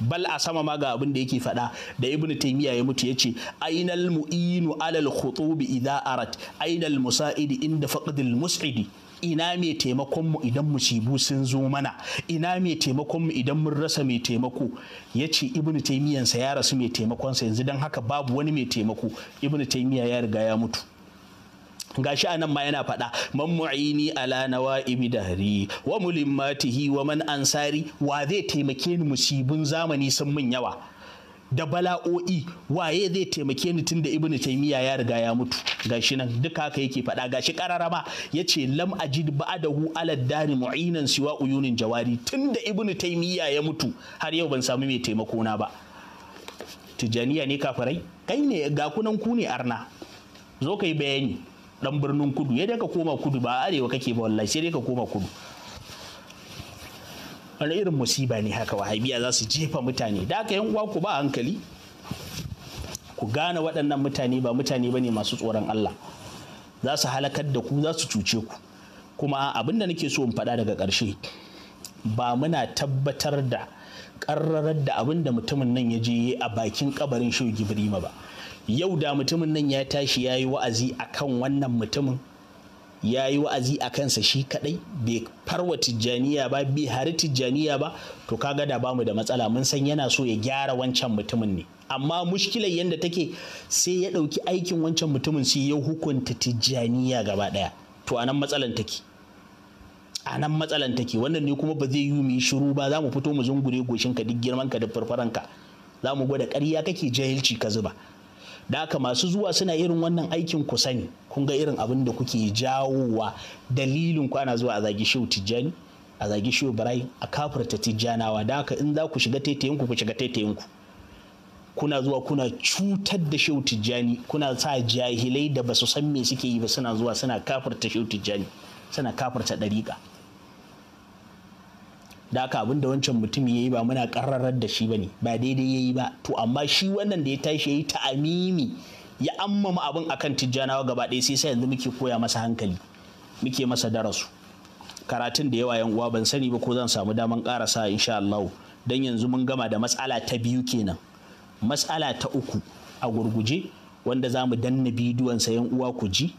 A: bal a sama ma ga abin da yake faɗa da ibnu taymiya ya mutu yace ainal mu'inu alal khutubi idha arat ainal musa'idi inda faqdil mus'idi ina mai taimakon mu idan musibu sun zo mana ina mai taimakon mu idan mun rasa mai taimako yace ibnu taymiyan sa ya rasu mai taimakon sa yanzu dan haka babu wani mai taimako ibnu taymiya ya riga ya mutu gashi a nan ma yana faɗa man mu'ini ala nawa'ibi dahri wa mulimmatihi wa man ansari wa zai taimake ni musibin zamani sun mun yawa da bala'o'i waye zai taimake ni tunda ibnu taymiya ya riga ya mutu gashi nan duka haka yake faɗa gashi kararama yace lam ajid ba'dahu ala dari mu'inan siwa uyunin jawari tunda ibnu taymiya ya mutu har yau ban samu mai taimako na ba tijaniya ne kafirai kai ne ga kunan ku ne arna zo kai bayani dan birnin kudu ya daga koma kudu ba arewa kake ba wallahi sai dai ka koma kudu wani irin musiba ne haka wahabiya za su jefa mutane da aka yan uwa ku ba hankali ku gane waɗannan mutane ba mutane ba ne masu tsoron Allah za su halakar da ku za su cuce ku kuma abin da nake so in faɗa daga ƙarshe ba muna tabbatar da ƙarrarar da abin da mutumin nan ya je a bakin kabarin shehu ba yau da mutumin nan ya tashi ya yi wa'azi a kan wannan mutumin ya yi wa'azi a kansa shi kadai bai farwa tijjaniya ba bai hari tijjaniya ba to kaga da bamu da matsala mun san yana so ya gyara wancan mutumin ne amma mushkilar yadda take sai ya ɗauki aikin wancan mutumin sai ya hukunta tijjaniya gaba ɗaya to anan matsalan take a nan matsalan take wannan ne kuma ba zai yi mu shiru ba za mu fito mu zungure goshinka duk girman ka da farfaranka za mu gwada ƙarya kake jahilci ka zuba da haka masu zuwa suna irin wannan aikin ku sani kun ga irin abin da kuke jawowa dalilin ku ana zuwa a zagi shehu tijjani a zagi shehu barai a kafirta tijjanawa da in za ku shiga taitayin ku ku shiga taitayin ku kuna zuwa kuna cutar da shehu tijjani kuna sa jahilai da ba su san me suke yi ba suna zuwa suna kafirta shehu tijjani suna kafirta dariƙa da haka abin da wancan mutum ya yi ba muna ƙarrarar da shi ba ne ba daidai ya yi ba to amma shi wannan da ya tashi ya yi ta'amimi ya ammama abin akan tijjanawa gaba ɗaya sai sai yanzu muke koya masa hankali muke masa darasu karatun da yawa yan uwa ban sani ba ko zan samu daman ƙarasa insha Allah dan yanzu mun gama da matsala ta biyu kenan matsala ta uku a gurguje wanda za mu danna bidiyonsa yan uwa ku ji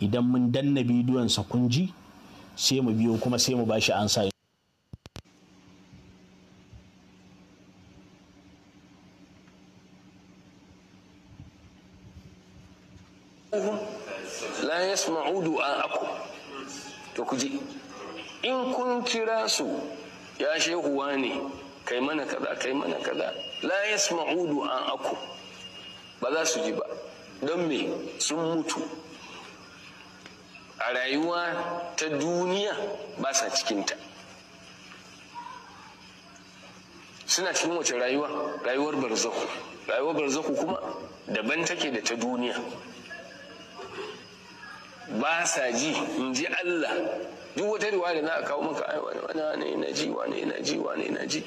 A: idan mun danna bidiyonsa kun ji sai mu biyo kuma sai mu bashi ansa
B: yasma'u du'a'akum to ku ji in kun kira su ya shehu ne kai mana kaza kai mana kaza la yasma'u du'a'akum ba za su ji ba don me sun mutu a rayuwa ta duniya ba sa cikinta suna cikin wace rayuwa rayuwar barzaku rayuwar barzaku kuma daban take da ta duniya ba sa ji in ji Allah duk wata riwaya na a kawo maka ai wani wani wani ji wani yana ji wani yana ji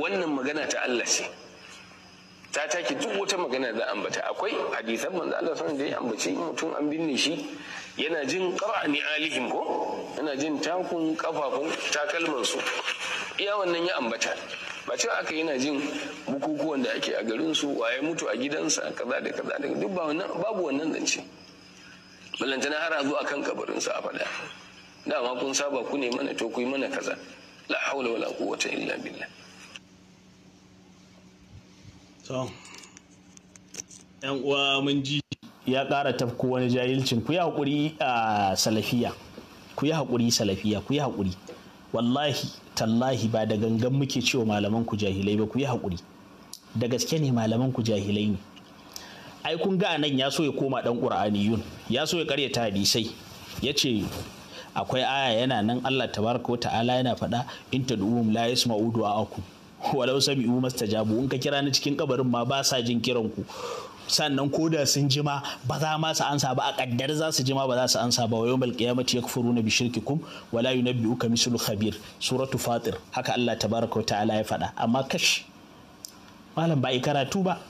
B: wannan magana ta Allah ce ta take duk wata magana da ambata akwai hadisan manzo Allah sun da ya ambaci mutum an binne shi yana jin qara'ani alihim ko yana jin takun kafafun takalman su iya wannan ya ambata ba ce aka yana jin bukukuwan da ake a garin su waye mutu a gidansa kaza da kaza da duk ba wannan babu wannan zance ballantana har a kan akan kabarinsa a faɗa dama kun saba ku ne mana to ku yi mana kaza la haula wala quwwata illa
A: billah to yan uwa mun ji ya ƙara tafko wani jahilcin ku yi hakuri a salafiya ku yi hakuri salafiya ku yi hakuri wallahi tallahi ba da gangan muke cewa malaman ku jahilai ba ku yi hakuri da gaske ne malaman ku jahilai ne ai kun ga anan ya so ya koma dan qur'aniyun ya so ya karyata hadisai yace akwai aya yana nan Allah tabaraka wa ta'ala yana faɗa in tad'uhum la yasma'u du'a'akum walau sami'u mastajabu in ka kira ni cikin kabarin ma ba sa jin kiran ku sannan ko da sun jima ba za ma su ansa ba a kaddar za su jima ba za su ansa ba wa yawmal qiyamati yakfuruna bi shirkikum wa la yunabbi'uka mislu khabir suratu fatir haka Allah tabaraka wa ta'ala ya faɗa amma kash malam ba karatu ba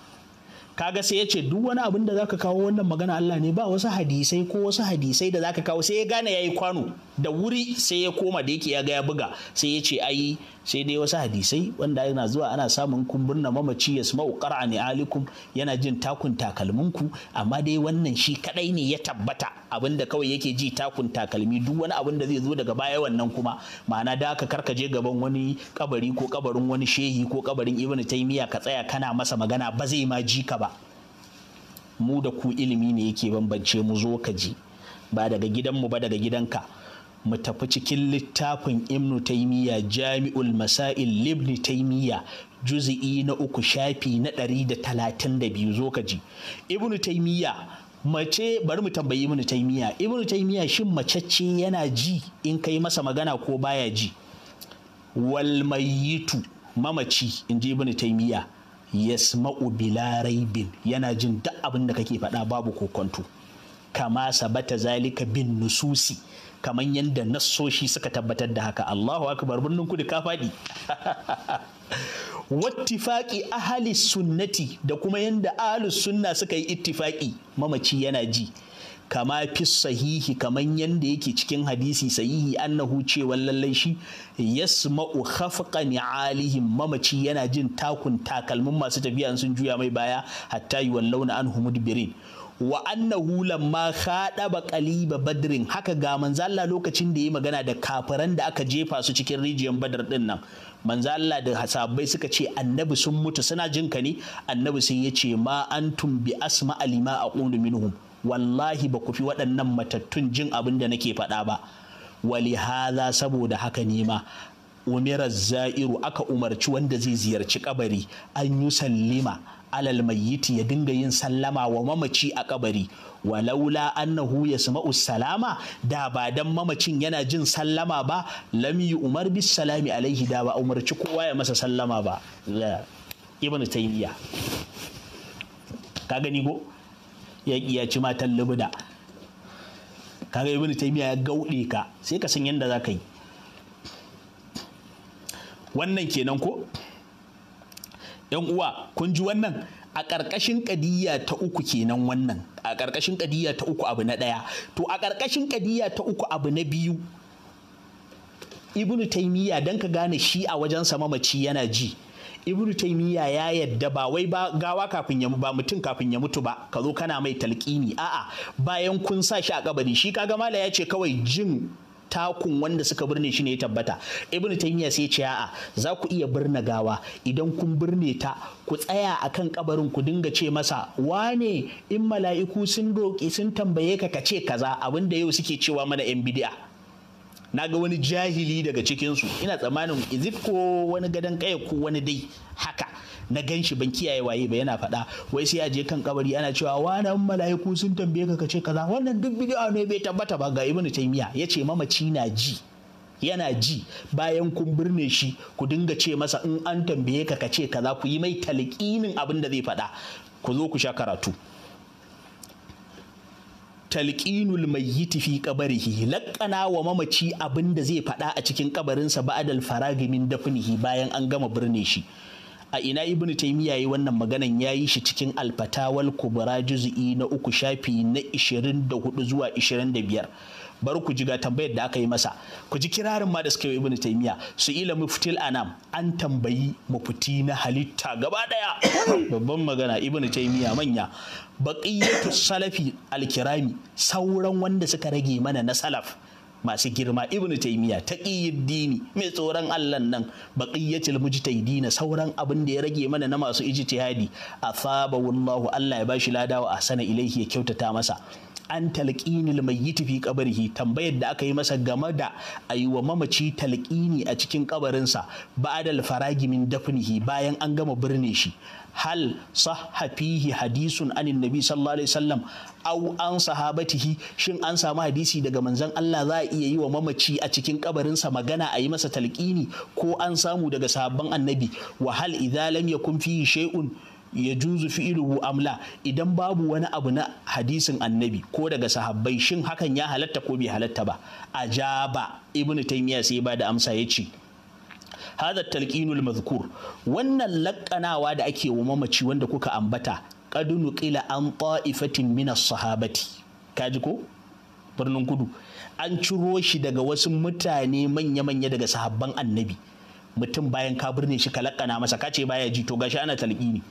A: kaga sai ya ce duk wani abin da za ka kawo wannan magana Allah ne ba wasu hadisai ko wasu hadisai da zaka kawo sai ya gane yayi kwano da wuri sai ya koma da yake ya ga ya buga sai ya ce ai sai dai wasu hadisai wanda yana zuwa ana samun kumbur na mamaci ya smau ne alikum yana jin takun takalminku amma dai wannan shi kadai ne ya tabbata abinda kawai yake ji takun takalmi duk wani abin da zai zo daga baya wannan kuma ma'ana da ka je gaban wani kabari ko kabarin wani shehi ko kabarin ibnu taymiya ka tsaya kana masa magana ba zai ma ji ka ba mu da ku ilimi ne yake bambance mu zo ka ji ba daga gidanmu ba daga gidanka mu tafi cikin littafin ibnu taimiyya jami'ul masail libni taimiyya juzi'i na uku shafi na ɗari da talatin da biyu zo ka ji ibnu taimiya mace bari mu tambayi ibnu taimiya ibnu taimiya shin mace ce yana ji in kai masa magana ko baya ji wal mayitu mamaci in ji ibnu taimiyya yasma'u bila raibin yana jin duk abin da kake faɗa babu kokonto kama sabata zalika bin nususi kamar yadda nassoshi suka tabbatar da haka Allahu akbar birnin kudu ka faɗi wattifaƙi ahli sunnati da kuma yadda ahli sunna suka yi ittifaƙi mamaci yana ji kama fi sahihi kamar yadda yake cikin hadisi sahihi annahu cewa lallai shi yasma'u khafqa ni'alihim mamaci yana jin takun takalmin masu tafiya sun juya mai baya hatta an anhu birin. wa annahu lamma ba qaliba badrin haka ga manzo Allah lokacin da yayi magana da kafiran da aka jefa su cikin rijiyar badar din nan manzo Allah da hasabai suka ce annabi sun mutu suna jin ka ne annabi sun yace ma antum bi asma alima aqulu minhum wallahi ba ku fi waɗannan matattun jin abin da nake faɗa ba wali haza saboda haka ne ma umira za'iru aka umarci wanda zai ziyarci kabari an yi sallima alal mayiti ya dinga yin sallama wa mamaci a kabari walaula annahu sama salama da ba dan mamacin yana jin sallama ba lam umar bis salami alaihi da ba umarci kowa ya masa sallama ba ibn taymiya ka gani ko ya ci matan libda ga ibn taymiya ya gauɗe ka sai ka san yadda za ka yi wannan kenan ko 'yan uwa kun ji wannan a ƙarƙashin ƙadiyya ta uku kenan wannan a ƙarƙashin ƙadiyya ta uku abu na ɗaya to a ƙarƙashin ƙadiyya ta uku abu na biyu ibnu taimiyya don ka gane shi a wajen sama mace yana ji ibnu taimiyya ya yadda ba wai ba gawa kafin ya ba mutum kafin ya mutu ba ka zo kana mai talƙini a'a bayan kun sa shi a kabari shi kaga mala ya ce kawai jin takun wanda suka birne shi ne ya tabbata ibn taymiya sai ce a'a za ku iya birne gawa idan kun birne ta ku tsaya akan kabarin ku dinga ce masa wane in mala'iku sun roƙi sun tambaye ka ka ce kaza abin da yau suke cewa mana yan bid'a na ga wani jahili daga cikinsu ina tsammanin izit ko wani gadon kaya ko wani dai haka na gan shi ban kiyaye waye ba yana faɗa wai sai a je kan kabari ana cewa wannan mala'iku sun tambaye ka kace kaza wannan duk bidiyo ah, ne bai tabbata ba ga ibnu taymiya yace mamaci na ji yana ji bayan kun birne shi ku dinga ce masa in an tambaye ka kace kaza ku yi mai talqinin abin da zai faɗa ku zo ku sha karatu talqinul mayyit fi qabrihi laqana wa mamaci abin da zai faɗa a cikin kabarinsa ba'dal faragi min dafnihi bayan an gama birne shi a ina ibnu taymiya yayi wannan maganan yayi shi cikin alfatawal kubra juz'i na uku shafi na 24 zuwa 25 Bar ku ji ga tambayar da aka yi masa ku ji kirarin ma da suka yi ibnu taymiya su ila muftil anam an tambayi mafiti na halitta gaba daya babban magana ibnu taymiya manya baqiyatu salafi alkirami sauran wanda suka rage mana na salaf masu girma ibn taimiya taqiyyid dini mai tsoron Allah nan yi dina, sauran abin da ya rage mana na masu ijtihadi afaba wallahu Allah ya bashi shi ladawa sana ilaihi ya kyautata masa an yi tafi fi qabrihi tambayar da aka yi masa game da wa mamaci talqini a cikin kabarinsa ba'dal faragi min dafnihi bayan an gama birne shi hal sahafihi hadisun anin nabi sallallahu alaihi wasallam au an sahabatihi shin an samu hadisi daga manzon Allah za a iya yi wa mamaci a cikin kabarinsa magana a yi masa talqini ko an samu daga sahabban annabi wa hal idza lam yakun fihi shay'un ya juzu fi'iluhu amla idan babu wani abu na hadisin annabi ko daga sahabbai shin hakan ya halatta ko bai halatta ba ajaba ibnu taymiya sai ba da amsa yace hadha talqinul mazkur wannan lakkanawa da ake wa mamaci wanda kuka ambata qad nuqila an ta'ifatin min as-sahabati kaji ko birnin gudu. an ciro shi daga wasu mutane manya-manya daga sahabban annabi mutum bayan ka birne shi ka lakkana masa kace baya ji to gashi ana talqini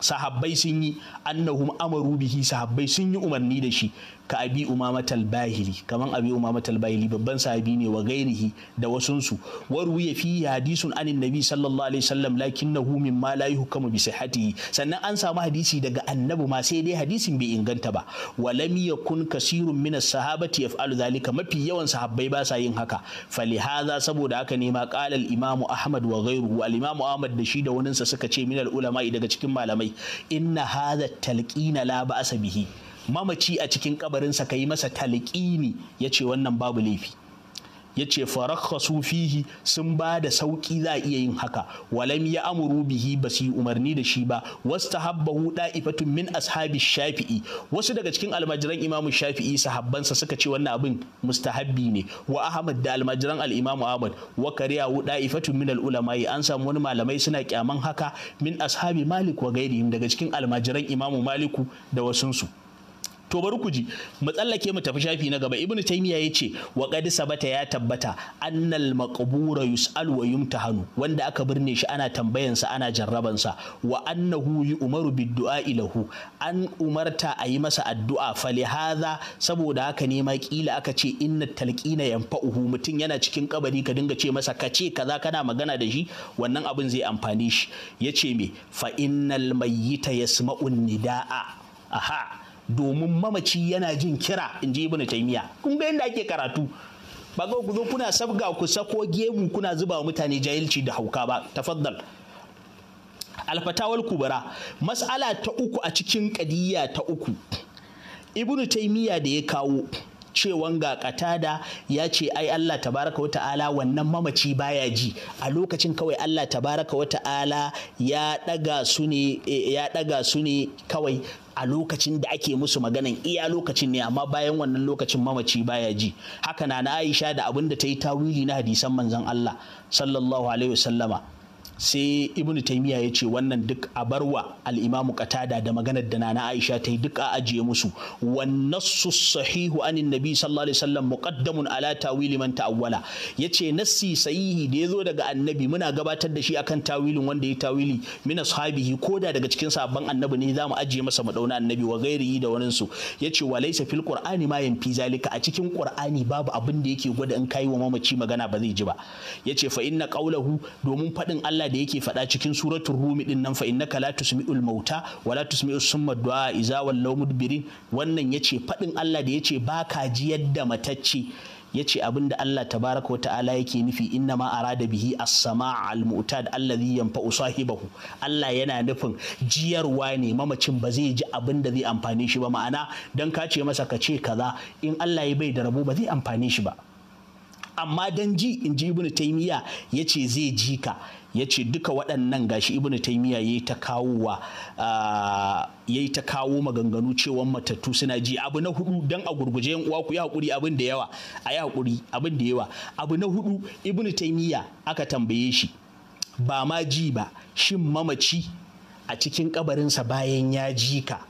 A: sahabbai sun yi annahum amaru bihi sahabbai sun yi umarni da shi ka abi umama talbahili kaman abi umama talbahili babban sahabi ne wa gairihi da wasunsu waru ya fi hadisun anin nabi sallallahu alaihi wasallam lakinnahu mimma la yuhkamu bi sihhatihi sannan an samu hadisi daga annabi ma sai dai hadisin bai inganta ba walam yakun kasirun min as-sahabati yaf'alu zalika mafi yawan sahabbai ba sa yin haka falihaza saboda haka ne ma qala al-imamu ahmad wa ghayruhu al-imamu ahmad da shi da waninsa suka ce min al-ulama daga cikin malamai inna hadha talqina la ba'sa bihi mamaci a cikin kabarinsa ka yi masa talqini ya ce wannan babu laifi ya ce farakhasu fihi sun ba da sauƙi za a iya yin haka walam ya amuru bihi ba su yi umarni da shi ba wasu habbahu da'ifatun min ashabi shafi'i wasu daga cikin almajiran imamu shafi'i sahabbansa suka ce wannan abin mustahabbi ne wa ahmad da almajiran al'imamu ahmad wa huɗa da'ifatun min yi. an samu wani malamai suna kyaman haka min ashabi malik wa gairihim daga cikin almajiran imamu maliku da wasunsu to bari ku ji mu tsallake mu tafi shafi na gaba ibnu taymiya yace wa qad sabata ya tabbata annal maqbura yus'al wa yumtahanu wanda aka birne shi ana tambayan sa ana jarraban sa wa annahu yu'maru bid du'a ilahu an umarta a yi masa addu'a fali hadha saboda haka ne ma kila aka ce inna talqina yanfa'uhu mutum yana cikin kabari ka dinga ce masa Ka ce kaza kana magana da shi wannan abin zai amfani shi yace me fa innal mayyita yasma'un nida'a aha domin mamaci yana jin kira in ji ibnu taimiya kun ga da ake karatu ba ga ku zo kuna sabga ku sako gemu kuna zuba mutane jahilci da hauka ba tafaddal alfatawal kubara mas'ala ta uku a cikin kadiyya ta uku ibnu taimiya da ya kawo cewan ga katada ya ce ai Allah tabaraka wata'ala wannan mamaci baya ji a lokacin kawai Allah tabaraka wata'ala ya daga su ne eh, ya daga su ne kawai a lokacin da ake musu maganan iya lokacin ne amma bayan wannan lokacin mamaci baya ji haka na Aisha da abin da ta yi tawili na hadisan manzon Allah sallallahu alaihi wasallama sai ibn taimiya ya ce wannan duk a barwa al'imamu katada da maganar da nana aisha ta yi duk a ajiye musu wannan su sahihu anin nabi sallallahu alaihi wasallam muqaddamun ala tawili man ta'awwala yace nassi sahihi da ya zo daga annabi muna gabatar da shi akan tawilin wanda ya tawili min ko da daga cikin sabban annabi ne zamu ajiye masa mu dauna annabi wa gairi da wani su yace wa laysa fil qur'ani ma yanfi zalika a cikin qur'ani babu abin da yake gwada in kai wa mamaci magana ba zai ji ba yace fa inna qawluhu domin faɗin Allah da yake faɗa cikin suratul rumi din nan fa innaka la tusmi'ul mauta wa la tusmi'us summa du'a iza wallaw mudbirin wannan yace faɗin Allah da yace baka ji yadda matacce yace abinda da Allah tabaraka wa ta'ala yake nufi inna ma arada bihi as-sama' al-mu'tad alladhi yanfa'u sahibahu Allah yana nufin jiyarwa ne mamacin ba zai ji abinda zai amfane shi ba ma'ana dan ka ce masa ka ce kaza in Allah ya bai da rabo ba zai amfane shi ba amma dan ji in ji ibnu taymiya yace zai ji ka ya ce duka waɗannan gashi Ibn taimiya ya yi ta kawowa ya yi ta kawo maganganu cewa matattu suna ji abu na hudu don a gurguje yan ku yi hakuri abin da yawa a yi hakuri abin da yawa abu na hudu Ibn taimiya aka tambaye shi ba ma ji ba shin mamaci a cikin kabarinsa bayan ya ji ka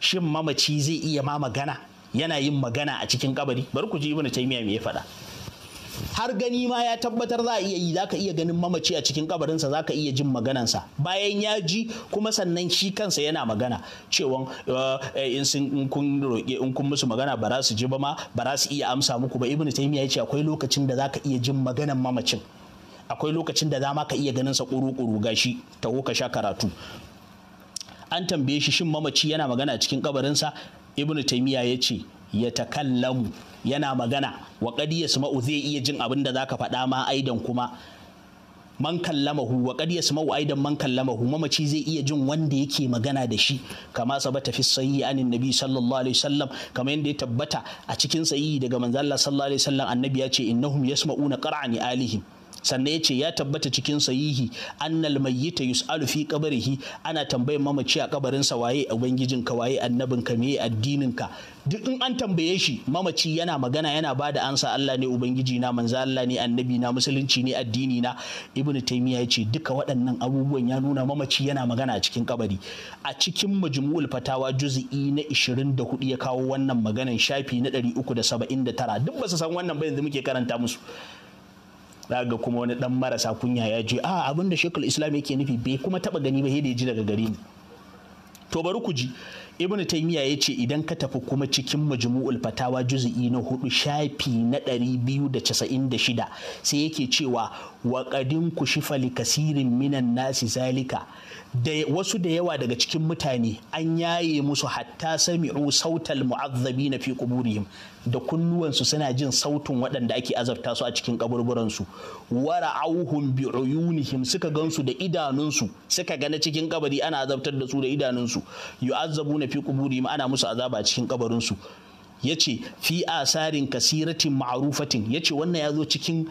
A: shin mamaci zai iya ma magana yana yin magana a cikin kabari bari ku ji Ibn taimiya me ya faɗa har gani ma ya tabbatar za a iya yi za iya ganin mamaci a cikin kabarinsa za ka iya jin maganansa bayan ya ji kuma sannan shi kansa yana magana Cewa eh, eh, in sun kun roƙe in kun musu magana ba za su ji ba ma ba za su iya amsa muku ba ibnu taymiya ya ce akwai lokacin da za iya jin maganan mamacin akwai lokacin da za ka iya ganin sa kuru-kuru gashi taho ka sha karatu an tambaye shi shin mamaci yana magana cikin kabarinsa ibnu taymiya yace ya takallamu yana magana wa qad zai iya jin abin da zaka faɗa ma aidan kuma man kallamahu wa qad yasma'u aidan man kallamahu mamaci zai iya jin wanda yake magana da shi kama sabata fi sayi anin nabi sallallahu alaihi sallam kamar yadda ya tabbata a cikin sahihi daga manzo sallallahu alaihi wasallam annabi ya ce innahum yasma'una qara'ani alihim sannan ya ce ya tabbata cikin sahihi annal mayyita yus'alu fi qabrihi ana tambayar mamaci a kabarin sa waye ubangijin ka waye annabin ka meye addinin ka duk in an tambaye shi mamaci yana magana yana bada ansa Allah ne ubangiji na manzo Allah ne annabi na musulunci ne addini na ibnu taymiya ya ce duka waɗannan abubuwan ya nuna mamaci yana magana a cikin kabari a cikin majmu'ul fatawa juz'i na 24 ya kawo wannan maganan shafi na 379 duk ba su san wannan ba yanzu muke karanta musu za ga kuma wani dan marasa kunya ya je a ah, abin da shekul islam yake nufi bai kuma taba gani ba ya ji daga gare ni to bari ku ji ibnu taymiya ya ce idan ka tafi kuma cikin majmu'ul fatawa juz'i na hudu shafi na biyu da da casa'in shida sai yake cewa wa ku kushifa li kasirin minan nasi zalika da wasu da yawa daga cikin mutane an yaye musu hatta sami'u sautal mu'azzabi na fi kuburihim da kunnuwansu suna jin sautin waɗanda ake azabta su a cikin kaburburansu wara auhum bi uyunihim suka gansu da idanunsu suka ga na cikin kabari ana azabtar da su da idanunsu yu'azzabu na fi kuburihim ana musu azaba a cikin kabarinsu yace fi asarin kasiratin ma'rufatin yace wannan ya zo cikin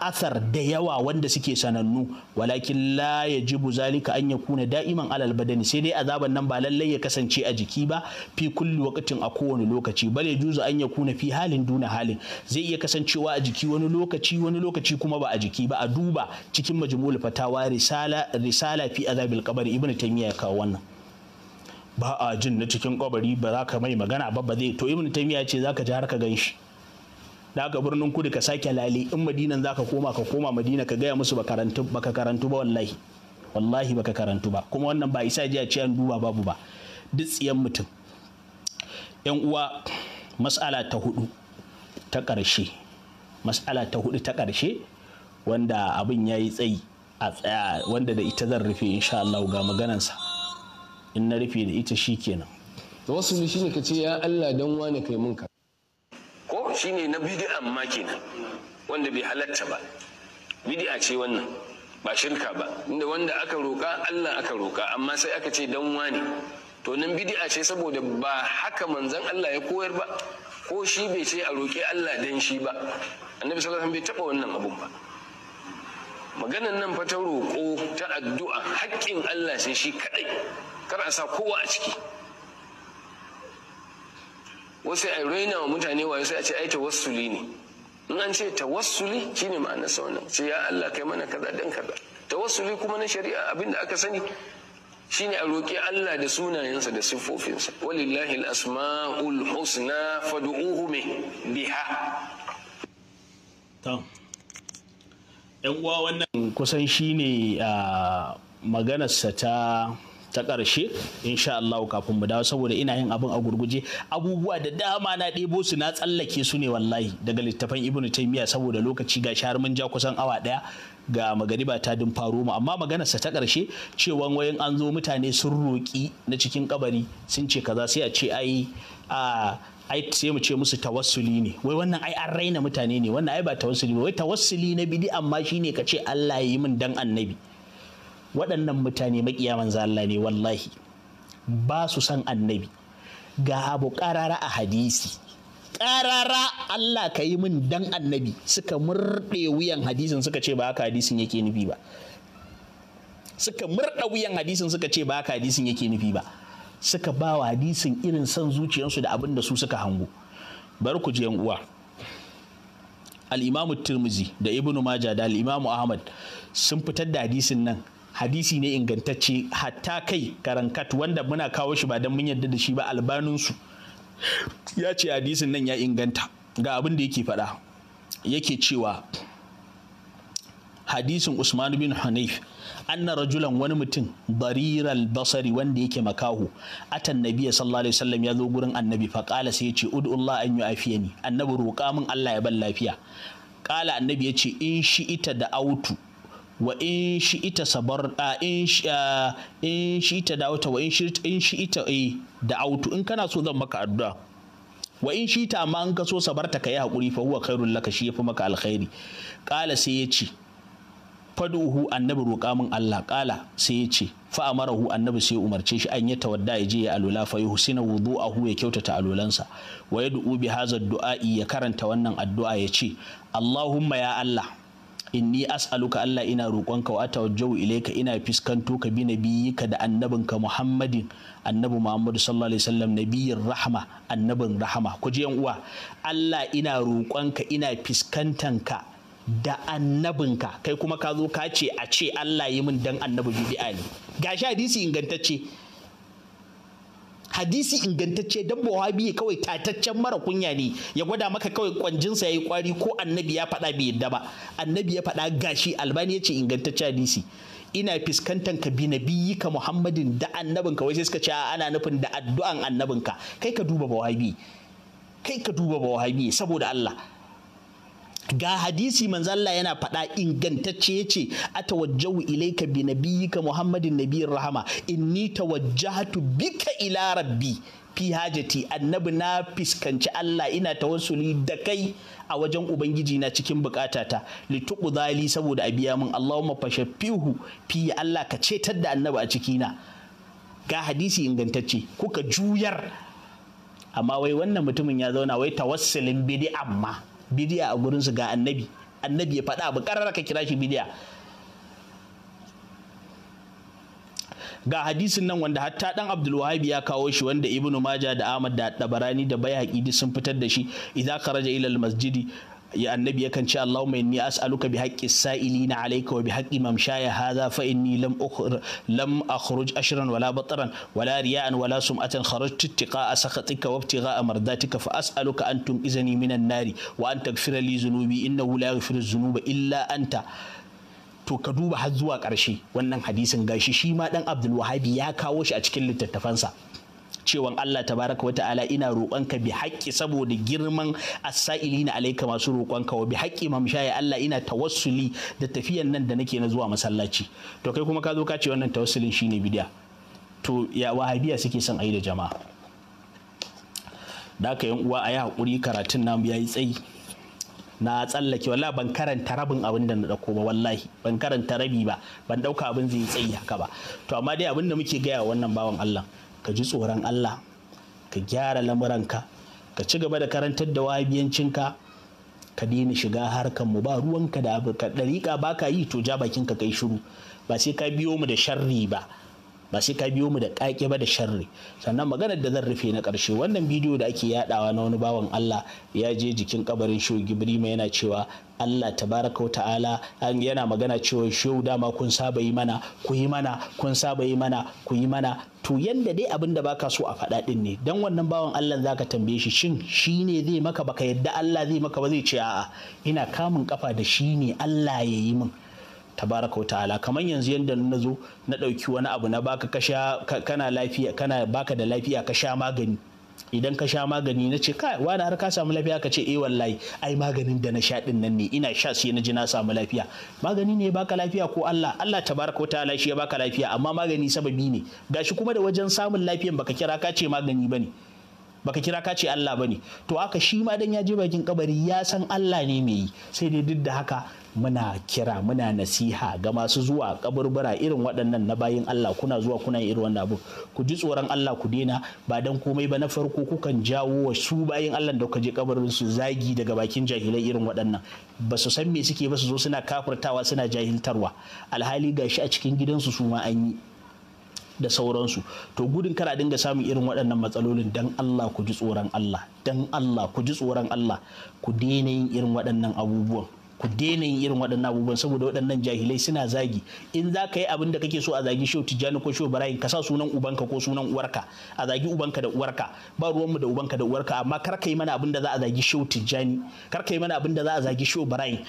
A: athar da yawa wanda suke sanannu walakin la yajibu zalika an yakuna da'iman alal badani sai dai azaban nan ba lallai ya kasance a jiki ba fi kulli waqtin a kowane lokaci bale juzu an yakuna fi halin duna halin zai iya kasancewa a jiki wani lokaci wani lokaci kuma ba a jiki ba a duba cikin majmu'ul fatawa risala risala fi azabil qabr ibnu taymiya ya wannan ba a jin na cikin kabari ba za ka mai magana ba ba zai to ibnu taymiya ce za ka ji har ka gan shi da aka birnin kudu ka sake lale in madinan zaka koma ka koma madina ka gaya musu baka karantu ba wallahi wallahi baka karantu ba kuma wannan ba isa jiya ciyan duba babu ba duk tsiyan mutum yan uwa mas'ala ta hudu ta ƙarshe mas'ala ta hudu ta karshe wanda abin ya yi tsayi a tsaya wanda da ita zan rufe insha Allah ga maganansa in na rufe da ita shi kenan wasu shi ne ka ce ya Allah dan wane kai mun
B: Shi ne na bid'a ma kenan wanda bai halatta ba Bidi'a ce wannan ba shirka ba inda wanda aka roka Allah aka roka amma sai aka ce dan wane to nan bidi'a ce saboda ba haka manzon Allah ya koyar ba ko shi bai ce a roƙi Allah dan shi ba annabi sallallahu alaihi bai taba wannan abun ba maganan nan fa ta roƙo ta addu'a haƙƙin Allah sai shi kadai kar a sa kowa a ciki wasu a raina wa mutane wayo sai a ce aita wasuli ne in an ce tawassuli shine ma'anar sa wannan ce ya Allah kai mana kaza dan kaza tawassuli kuma na shari'a abinda aka sani shine a roƙi Allah da sunayensa da siffofinsa walillahi al-asma'ul husna fad'uhu biha
A: to yan uwa wannan kusan shine ah, maganarsa ta ta ƙarshe insha Allah kafin mu dawo saboda ina yin abin a gurguje abubuwa da dama na ɗebo su na tsallake su ne wallahi daga littafan Ibn Taymiyyah saboda lokaci ga har mun ja kusan awa ɗaya ga magariba ta dun faro mu amma maganarsa ta ƙarshe cewa wayan an zo mutane sun roƙi na cikin kabari sun ce kaza sai a ce ai a ai sai mu ce musu tawassuli ne wai wannan ai an raina mutane ne wannan ai ba tawassuli ba wai tawassuli na bidi amma shine ka ce Allah ya yi min dan annabi waɗannan mutane maƙiya manzo Allah ne wallahi ba su san annabi ga abu ƙarara a hadisi ƙarara Allah ka yi min dan annabi suka murɗe wuyan hadisin suka ce ba haka hadisin yake nufi ba suka murɗa wuyan hadisin suka ce ba haka hadisin yake nufi ba suka ba wa hadisin irin san zuciyarsu da abin da su suka hango bari ku ji uwa al-imamu tirmizi da ibnu maja da al-imamu ahmad sun fitar da hadisin nan hadisi ne ingantacce hatta kai karankat wanda muna kawo shi ba don mun yadda da shi ba albanunsu ya ce hadisin nan ya inganta ga abin da yake faɗa yake cewa hadisin usman bin hanif anna rajulan wani mutum bariral basari wanda yake makaho atan nabiya sallallahu alaihi ya zo gurin annabi fa qala sai ya ce ud'ullah an ni annabi roƙa min Allah ya ban lafiya qala annabi ya ce in shi ita da autu wa in shi ita sabar a in shi ita da'auta wa in shi ita eh, in kana so zan maka addu'a wa in shi ta amma in ka so sabarta ka yi haƙuri fa huwa khairul laka shi yafi maka alkhairi ƙala sai ya ce faduhu annabi roƙa min Allah ƙala sai ya ce fa amarahu annabi sai umarce shi an ya tawadda ya je ya alula fa yuhsina wudu'ahu ya kyautata alulansa wa yad'u bi hadha du'a'i ya karanta wannan addu'a ya ce Allahumma ya Allah inni as'aluka Allah ina ka wa atawajjahu ilayka ina fiskanto ka bi nabiyyika da annabinka Muhammadin annabi Muhammadu sallallahu alaihi wasallam nabiyyin rahma annabin rahma ku ji uwa Allah ina roƙonka ina fiskantan ka da annabinka kai kuma ka zo ka ce a ce Allah yi min dan annabi bid'a ne gashi hadisi ingantacce hadisi ingantacce dan bawabi kawai tataccen mara kunya ne ya gwada maka kawai kwanjinsa ya yi kwari ko annabi ya faɗa bai yadda ba annabi ya faɗa gashi albani ya ce ingantacce hadisi ina fiskantan ka bi na ka muhammadin da annabinka wai sai suka ce ana nufin da addu'an annabinka kai ka duba bawabi kai ka duba bawabi saboda Allah ga hadisi manzalla yana faɗa ingantacce ce, a tawajjau ilaika bi ka Muhammadin nabiyir rahama inni tawajjahatu bika ila rabbi fi hajati annabi na fiskanci Allah ina tawassuli da kai a wajen ubangiji na cikin bukatata ta. zali saboda a biya min Allahumma fashaffihu fi Allah ka cetar da annabi a cikina ga hadisi ingantacce kuka juyar amma wai wannan mutumin ya zauna wai tawassulin bidi amma bidiya a gurinsu ga annabi annabi ya faɗa abu ƙarar ka kira shi bidiya ga hadisin nan wanda hatta dan Abdul wahab ya kawo shi wanda ibnu Majah da Ahmad da Dabarani da bayhaqi duk sun fitar da shi idza kharaja ila al-masjidi ya annabi yakan ce mai inni as'aluka bi haqqi sa'ilina alayka wa bi haqqi mamshaya hadha fa inni lam ukhur lam akhruj ashran wala batran wala riya'an wala sum'atan kharajtu ittiqa'a sakhatika wa ibtigha'a mardatika fa as'aluka an tumizani minan nari wa an taghfira li dhunubi innahu la yaghfiru dhunuba illa anta to ka duba har zuwa ƙarshe wannan hadisin gaishe shi ma dan Abdul ya kawo shi a cikin littattafansa cewan Allah ta tabaraka wa ta'ala ina roƙonka bi haƙƙi saboda girman as-sa'ilina alayka masu roƙonka wa bi haƙƙi mamshaya Allah ina tawassuli da tafiyan nan da nake na zuwa masallaci to kai kuma ka zo ka ce wannan tawassulin shine bidiya to ya wahabiya suke son ayi da jama'a da ka yan uwa a yi haƙuri karatun nan ya yi tsayi na tsallake wallahi ban karanta rabin abin da na dauko ba wallahi ban karanta rabi ba ban ɗauka abin zai tsayi haka ba to amma dai abin da muke gaya wannan bawan Allah ka ji tsoron Allah ka gyara lamuranka ka ci gaba da karantar da wahabiyancinka ka daina shiga harkar mu ba ruwanka da abu ka dariƙa ba ka yi to ja bakinka kai shiru ba sai ka biyo mu da sharri ba ba sai ka biyo mu da ƙaƙe ba da sharri sannan maganar da zan rufe na karshe wannan bidiyo da ake yadawa na wani bawan Allah ya je jikin kabarin shehu Gibrima yana cewa Allah tabaraka wa ta'ala yana magana cewa shehu dama kun saba yi mana ku yi mana kun saba yi mana ku yi mana to yanda dai abin da baka so a faɗa din ne dan wannan bawan Allah zaka tambaye shi shin shi ne zai maka baka yadda Allah zai maka ba zai ce a'a ina kamun kafa da shi ne Allah ya yi min tabaraka ta'ala kamar yanzu yadda na zo na ɗauki wani abu na baka ka sha kana lafiya kana baka da lafiya ka sha magani idan ka sha magani na ce kai wani har ka samu lafiya ka ce eh wallahi ai maganin da na sha din nan ne ina sha sai na ji na samu lafiya magani ne baka lafiya ko Allah Allah tabaraka ta'ala shi ya baka lafiya amma magani sababi ne gashi kuma da wajen samun lafiyan baka kira ka ce magani bane baka kira ka ce Allah bane to haka shi ma dan ya je bakin kabari ya san Allah ne mai yi sai dai duk da haka muna kira muna nasiha ga masu zuwa kaburbura irin waɗannan na bayin Allah kuna zuwa kuna irin wannan abu ku ji tsoron Allah ku daina ba dan komai ba na farko kukan jawo wa su bayin Allah da kuka je kabarin su zagi daga bakin jahilai irin waɗannan ba su san me suke ba su zo suna kafurtawa suna jahiltarwa alhali gashi a cikin gidansu su ma an yi da sauransu to gudun kar dinga samun irin waɗannan matsalolin dan Allah ku ji tsoron Allah dan Allah ku ji tsoron Allah ku daina yin irin waɗannan abubuwan ku daina yin irin waɗannan abubuwan saboda waɗannan jahilai suna zagi in za ka yi abin da kake so a zagi shehu tijjani ko shehu barayin ka sa sunan ubanka ko sunan uwarka a zagi ubanka da uwarka ba ruwanmu da ubanka da uwarka amma kar ka yi mana abin da za a zagi shehu tijjani kar ka yi mana abin da za a zagi shehu barayin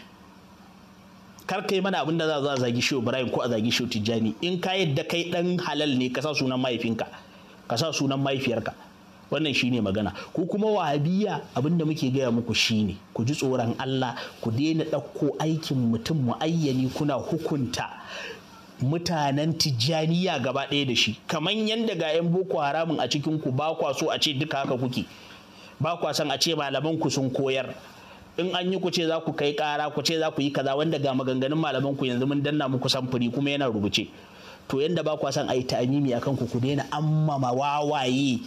A: kar ka yi mana abin da za a zagi shehu barayin ko a zagi shehu tijjani in ka yadda kai dan halal ne ka sa sunan mahaifinka ka sa sunan mahaifiyarka wannan shine magana ko kuma wahabiya abinda muke gaya muku ne ku ji tsoron Allah ku daina ɗauko aikin mutum mu ayyani kuna hukunta mutanen tijjaniya gaba ɗaya da shi kamar yadda ga 'yan boko haramun a cikin ku ba kwa so a ce duka haka kuke ba kwa san a ce malaman ku sun koyar in an yi ku ce za ku kai ƙara ku ce za ku yi kaza wanda ga maganganun malaman ku yanzu mun danna muku samfuri kuma yana rubuce to yadda ba kwa san a yi ta'amimi akan ku ku daina amma wawaye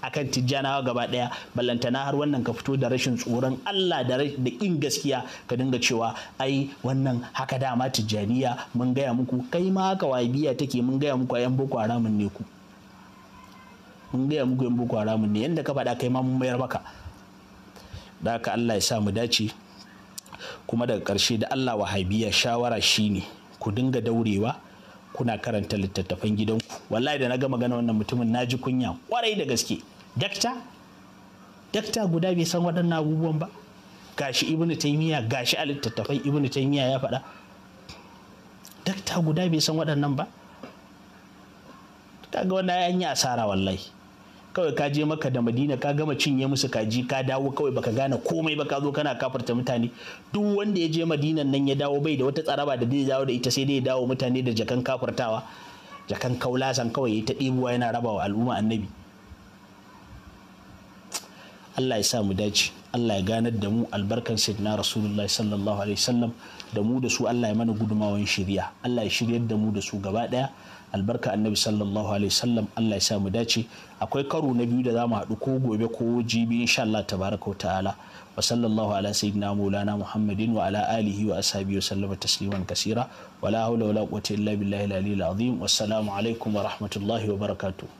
A: akan tijjanawa gaba daya ballantana har wannan ka fito da rashin tsoron Allah da ƙin gaskiya ka dinga cewa ai wannan haka dama tijjaniya mun gaya muku kai ma haka wabiya take mun gaya muku yan boko haramun ne ku mun gaya muku yan boko haramun ne yanda ka faɗa kai ma mun mayar maka da haka Allah ya sa mu dace kuma daga karshe da Allah wahabiya shawara shine ku dinga daurewa kuna karanta littattafan gidanku wallahi da na ga magana wannan mutumin na ji kunya kwarai da gaske dakta dakta guda bai san waɗannan abubuwan ba gashi ibnu taymiya gashi a littattafai ibnu taymiya ya faɗa dakta guda bai san waɗannan ba kaga wannan an yi asara wallahi kawai ka je maka da madina ka gama cinye musu kaji ka dawo kawai baka gane komai ba ka zo kana kafarta mutane duk wanda ya je madinan nan ya dawo bai da wata tsaraba da zai dawo da ita sai dai ya dawo mutane da jakan kafartawa jakan kaulasan kawai ya ta ɗibuwa yana raba wa al'umma annabi Allah ya sa mu dace Allah ya ganar da mu albarkan sayyidina Rasulullah sallallahu alaihi wasallam da mu da su Allah ya mana gudumawan shirya Allah ya shiryar da mu da su gaba daya albarka annabi sallallahu alaihi sallam Allah ya samu mu dace akwai karo na biyu da za mu haɗu ko gobe ko jibi insha Allah tabaraka wa ta'ala wa sallallahu ala sayyidina maulana muhammadin wa ala alihi wa ashabihi wa sallama tasliman kasira wala hawla wala quwwata illa billahi al-aliyyil azim alaikum wa rahmatullahi wa barakatuh